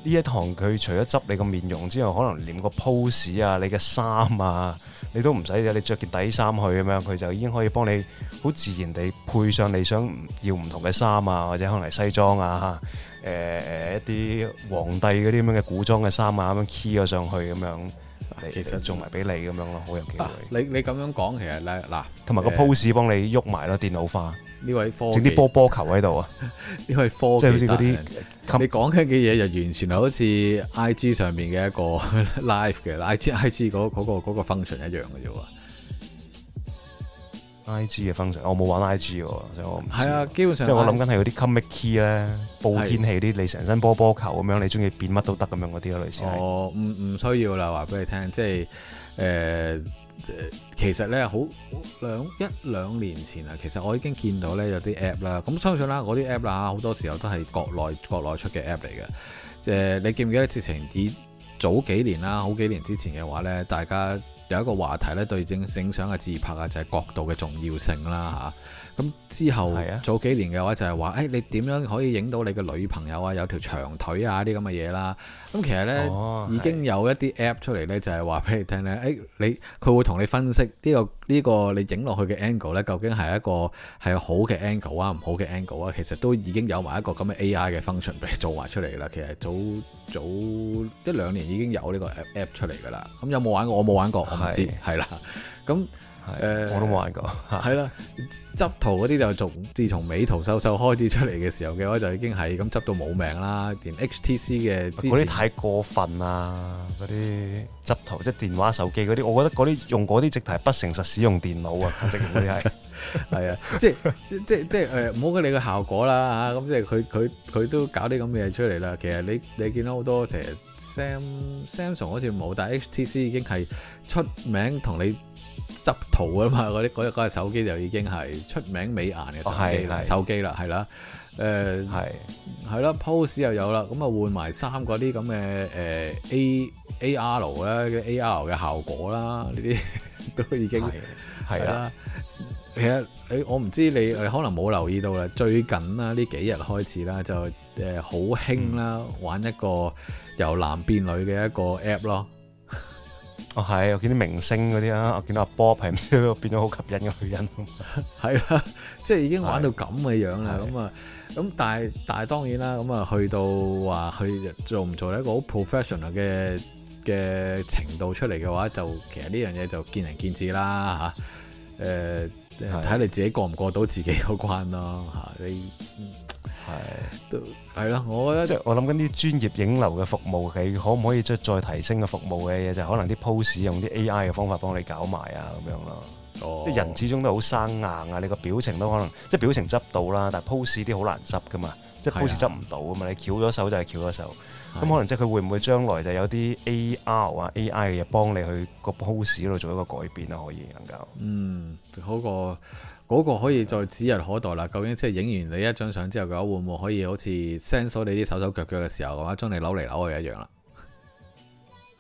一行佢除咗執你個面容之外，可能連個 pose 啊、你嘅衫啊，你都唔使嘅，你着件底衫去咁樣，佢就已經可以幫你好自然地配上你想要唔同嘅衫啊，或者可能係西裝啊。誒誒、呃、一啲皇帝嗰啲咁樣嘅古裝嘅衫啊，咁樣 key 咗上去咁樣，其實仲埋俾你咁樣咯，好有機會。啊、你你咁樣講其實咧，嗱、啊，同埋個 pose 幫你喐埋咯，呃、電腦化呢位科，整啲波波球喺度啊，呢 *laughs* 位科，即係好似啲，你講緊嘅嘢就完全係好似 IG 上面嘅一個 live 嘅，IG IG 嗰、那、嗰、個那個那個 function 一樣嘅啫喎。I G 嘅分尚，我冇玩 I G 喎，所以我唔知。係啊，基本上即係我諗緊係嗰啲 comic key 咧，報天氣啲，你成身波波球咁樣，你中意變乜都得咁樣嗰啲咯，類似。哦，唔唔需要啦，話俾你聽，即係誒、呃，其實咧好兩一兩年前啊，其實我已經見到咧有啲 app 啦，咁相信啦嗰啲 app 啦，好多時候都係國內國內出嘅 app 嚟嘅。即、呃、誒，你記唔記得之前啲早幾年啦，好幾年之前嘅話咧，大家。有一個話題咧，對正影相嘅自拍啊，就係角度嘅重要性啦嚇。咁之後早幾年嘅話就係話、哎，誒你點樣可以影到你嘅女朋友啊有條長腿啊啲咁嘅嘢啦。咁其實呢，哦、已經有一啲 app 出嚟呢，就係話俾你聽呢。誒你佢會同你分析呢、呢個呢、呢個你影落去嘅 angle 呢，究竟係一個係好嘅 angle 啊，唔好嘅 angle 啊，其實都已經有埋一個咁嘅 AI 嘅 function 俾你做埋出嚟啦。其實早早一兩年已經有呢個 app 出嚟噶啦。咁有冇玩過？我冇玩過，我唔知係啦。咁是。誒，我都冇玩過。係啦，執圖嗰啲就從自從美圖秀秀開始出嚟嘅時候嘅話，就已經係咁執到冇命啦。連 HTC 嘅嗰啲太過分啊！嗰啲執圖即係電話手機嗰啲，我覺得嗰啲用嗰啲直頭係不誠實使用電腦啊，直係係啊！即係即係即係誒，唔好佢哋嘅效果啦吓。咁即係佢佢佢都搞啲咁嘅嘢出嚟啦。其實你你見到好多成 Sam Samsung 好似冇，但係 HTC 已經係出名同你執圖啊嘛，嗰啲嗰一手機就已經係出名美顏嘅手機啦，哦、手機啦，係啦，誒係係咯，pose 又有啦，咁啊換埋三嗰啲咁嘅誒 A A R 咧嘅 A R 嘅效果啦，呢啲、嗯、都已經係啦。其實你我唔知你你可能冇留意到啦，最近啦呢幾日開始啦就誒好興啦玩一個由男變女嘅一個 app 咯。我係、哦，我見啲明星嗰啲啊，我見到阿波皮係變咗好吸引嘅女人，係 *laughs* 啦，即係已經玩到咁嘅樣啦。咁啊的，咁但係但係當然啦。咁啊，去到話去做唔做一個好 professional 嘅嘅程度出嚟嘅話，就其實呢樣嘢就見仁見智啦吓，誒、啊，睇、呃、你自己過唔過到自己嗰關咯吓的、啊，你。嗯係都係咯，我覺得即係我諗緊啲專業影樓嘅服務，佢，可唔可以即係再提升個服務嘅嘢？就是，可能啲 pose 用啲 AI 嘅方法幫你搞埋啊，咁樣咯。哦，即係人始終都好生硬啊，你個表情都可能即係表情執到啦，但係 pose 啲好難執噶嘛，即係 pose 執唔到啊嘛，你翹咗手就係翹咗手。咁的可能即係佢會唔會將來就有啲 AR 啊 AI 嘅嘢幫你去個 pose 度做一個改變啊？可以能夠嗯，好過。嗰個可以再指日可待啦。究竟即係影完你一張相之後嘅話，會唔會可以好似 sense 到你啲手手腳腳嘅時候嘅話，將你扭嚟扭去一樣啦？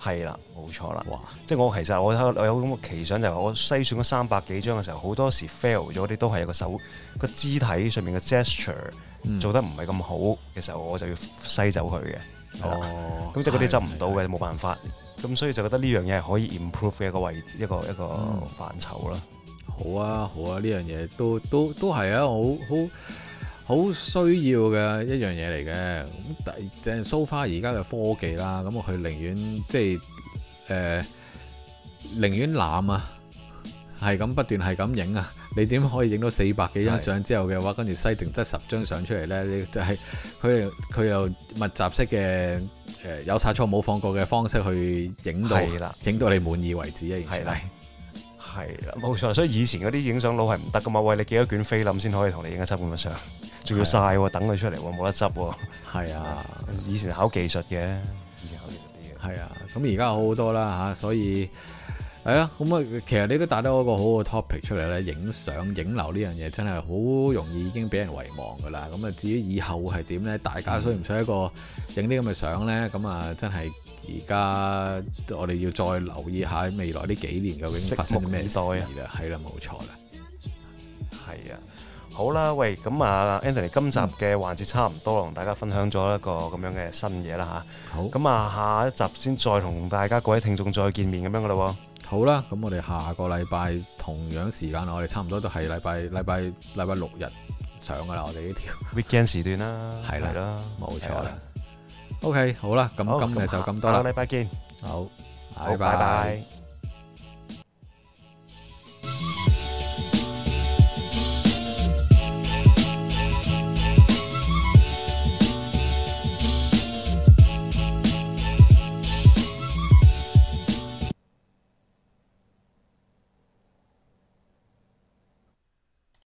係啦，冇錯啦。哇！即係我其實我，我有咁嘅奇想，就係我篩選嗰三百幾張嘅時候，好多時 fail 咗啲都係一個手一個肢體上面嘅 gesture 做得唔係咁好嘅時候，我就要篩走佢嘅。嗯、的哦，咁即係嗰啲執唔到嘅冇辦法。咁的所以就覺得呢樣嘢係可以 improve 嘅一個位一個、嗯、一個範疇啦。好啊，好啊，呢樣嘢都都都係啊，好好好需要嘅一樣嘢嚟嘅。第即係蘇花而家嘅科技啦，咁、嗯、佢寧願即係誒、呃，寧願濫啊，係咁不斷係咁影啊。你點可以影到四百幾張相之後嘅話，跟住篩定得十張相出嚟咧？你就係佢佢又密集式嘅誒、呃，有殺錯冇放過嘅方式去影到影的到你滿意為止啊，係的係啦，冇、啊、錯，所以以前嗰啲影相佬係唔得噶嘛。喂，你幾多卷菲林先可以同你影一輯咁嘅相？仲要曬，啊、等佢出嚟，冇得執。係啊，啊，以前考技術嘅，以前考技術啲嘅。係啊，咁而家好好多啦嚇，所以係啊，咁、哎、啊，其實你都帶得一個好嘅 topic 出嚟咧，影相影樓呢樣嘢真係好容易已經俾人遺忘噶啦。咁啊，至於以後係點咧，大家需唔需要一個影啲咁嘅相咧？咁啊，真係。而家我哋要再留意下未來呢幾年究竟發生咩事啦、啊，係啦，冇錯啦，係啊，好啦，喂，咁啊，Anthony，、嗯、今集嘅環節差唔多，同大家分享咗一個咁樣嘅新嘢啦吓，好，咁啊，下一集先再同大家各位聽眾再見面咁樣噶咯喎，好啦，咁我哋下個禮拜同樣時間，我哋差唔多都係禮拜禮拜禮拜六日上噶啦，我哋呢條 *laughs* weekend 時段啦，係啦、啊，冇錯啦。O.K. 好啦，咁好今日就咁多啦。下個禮拜見，好，拜拜。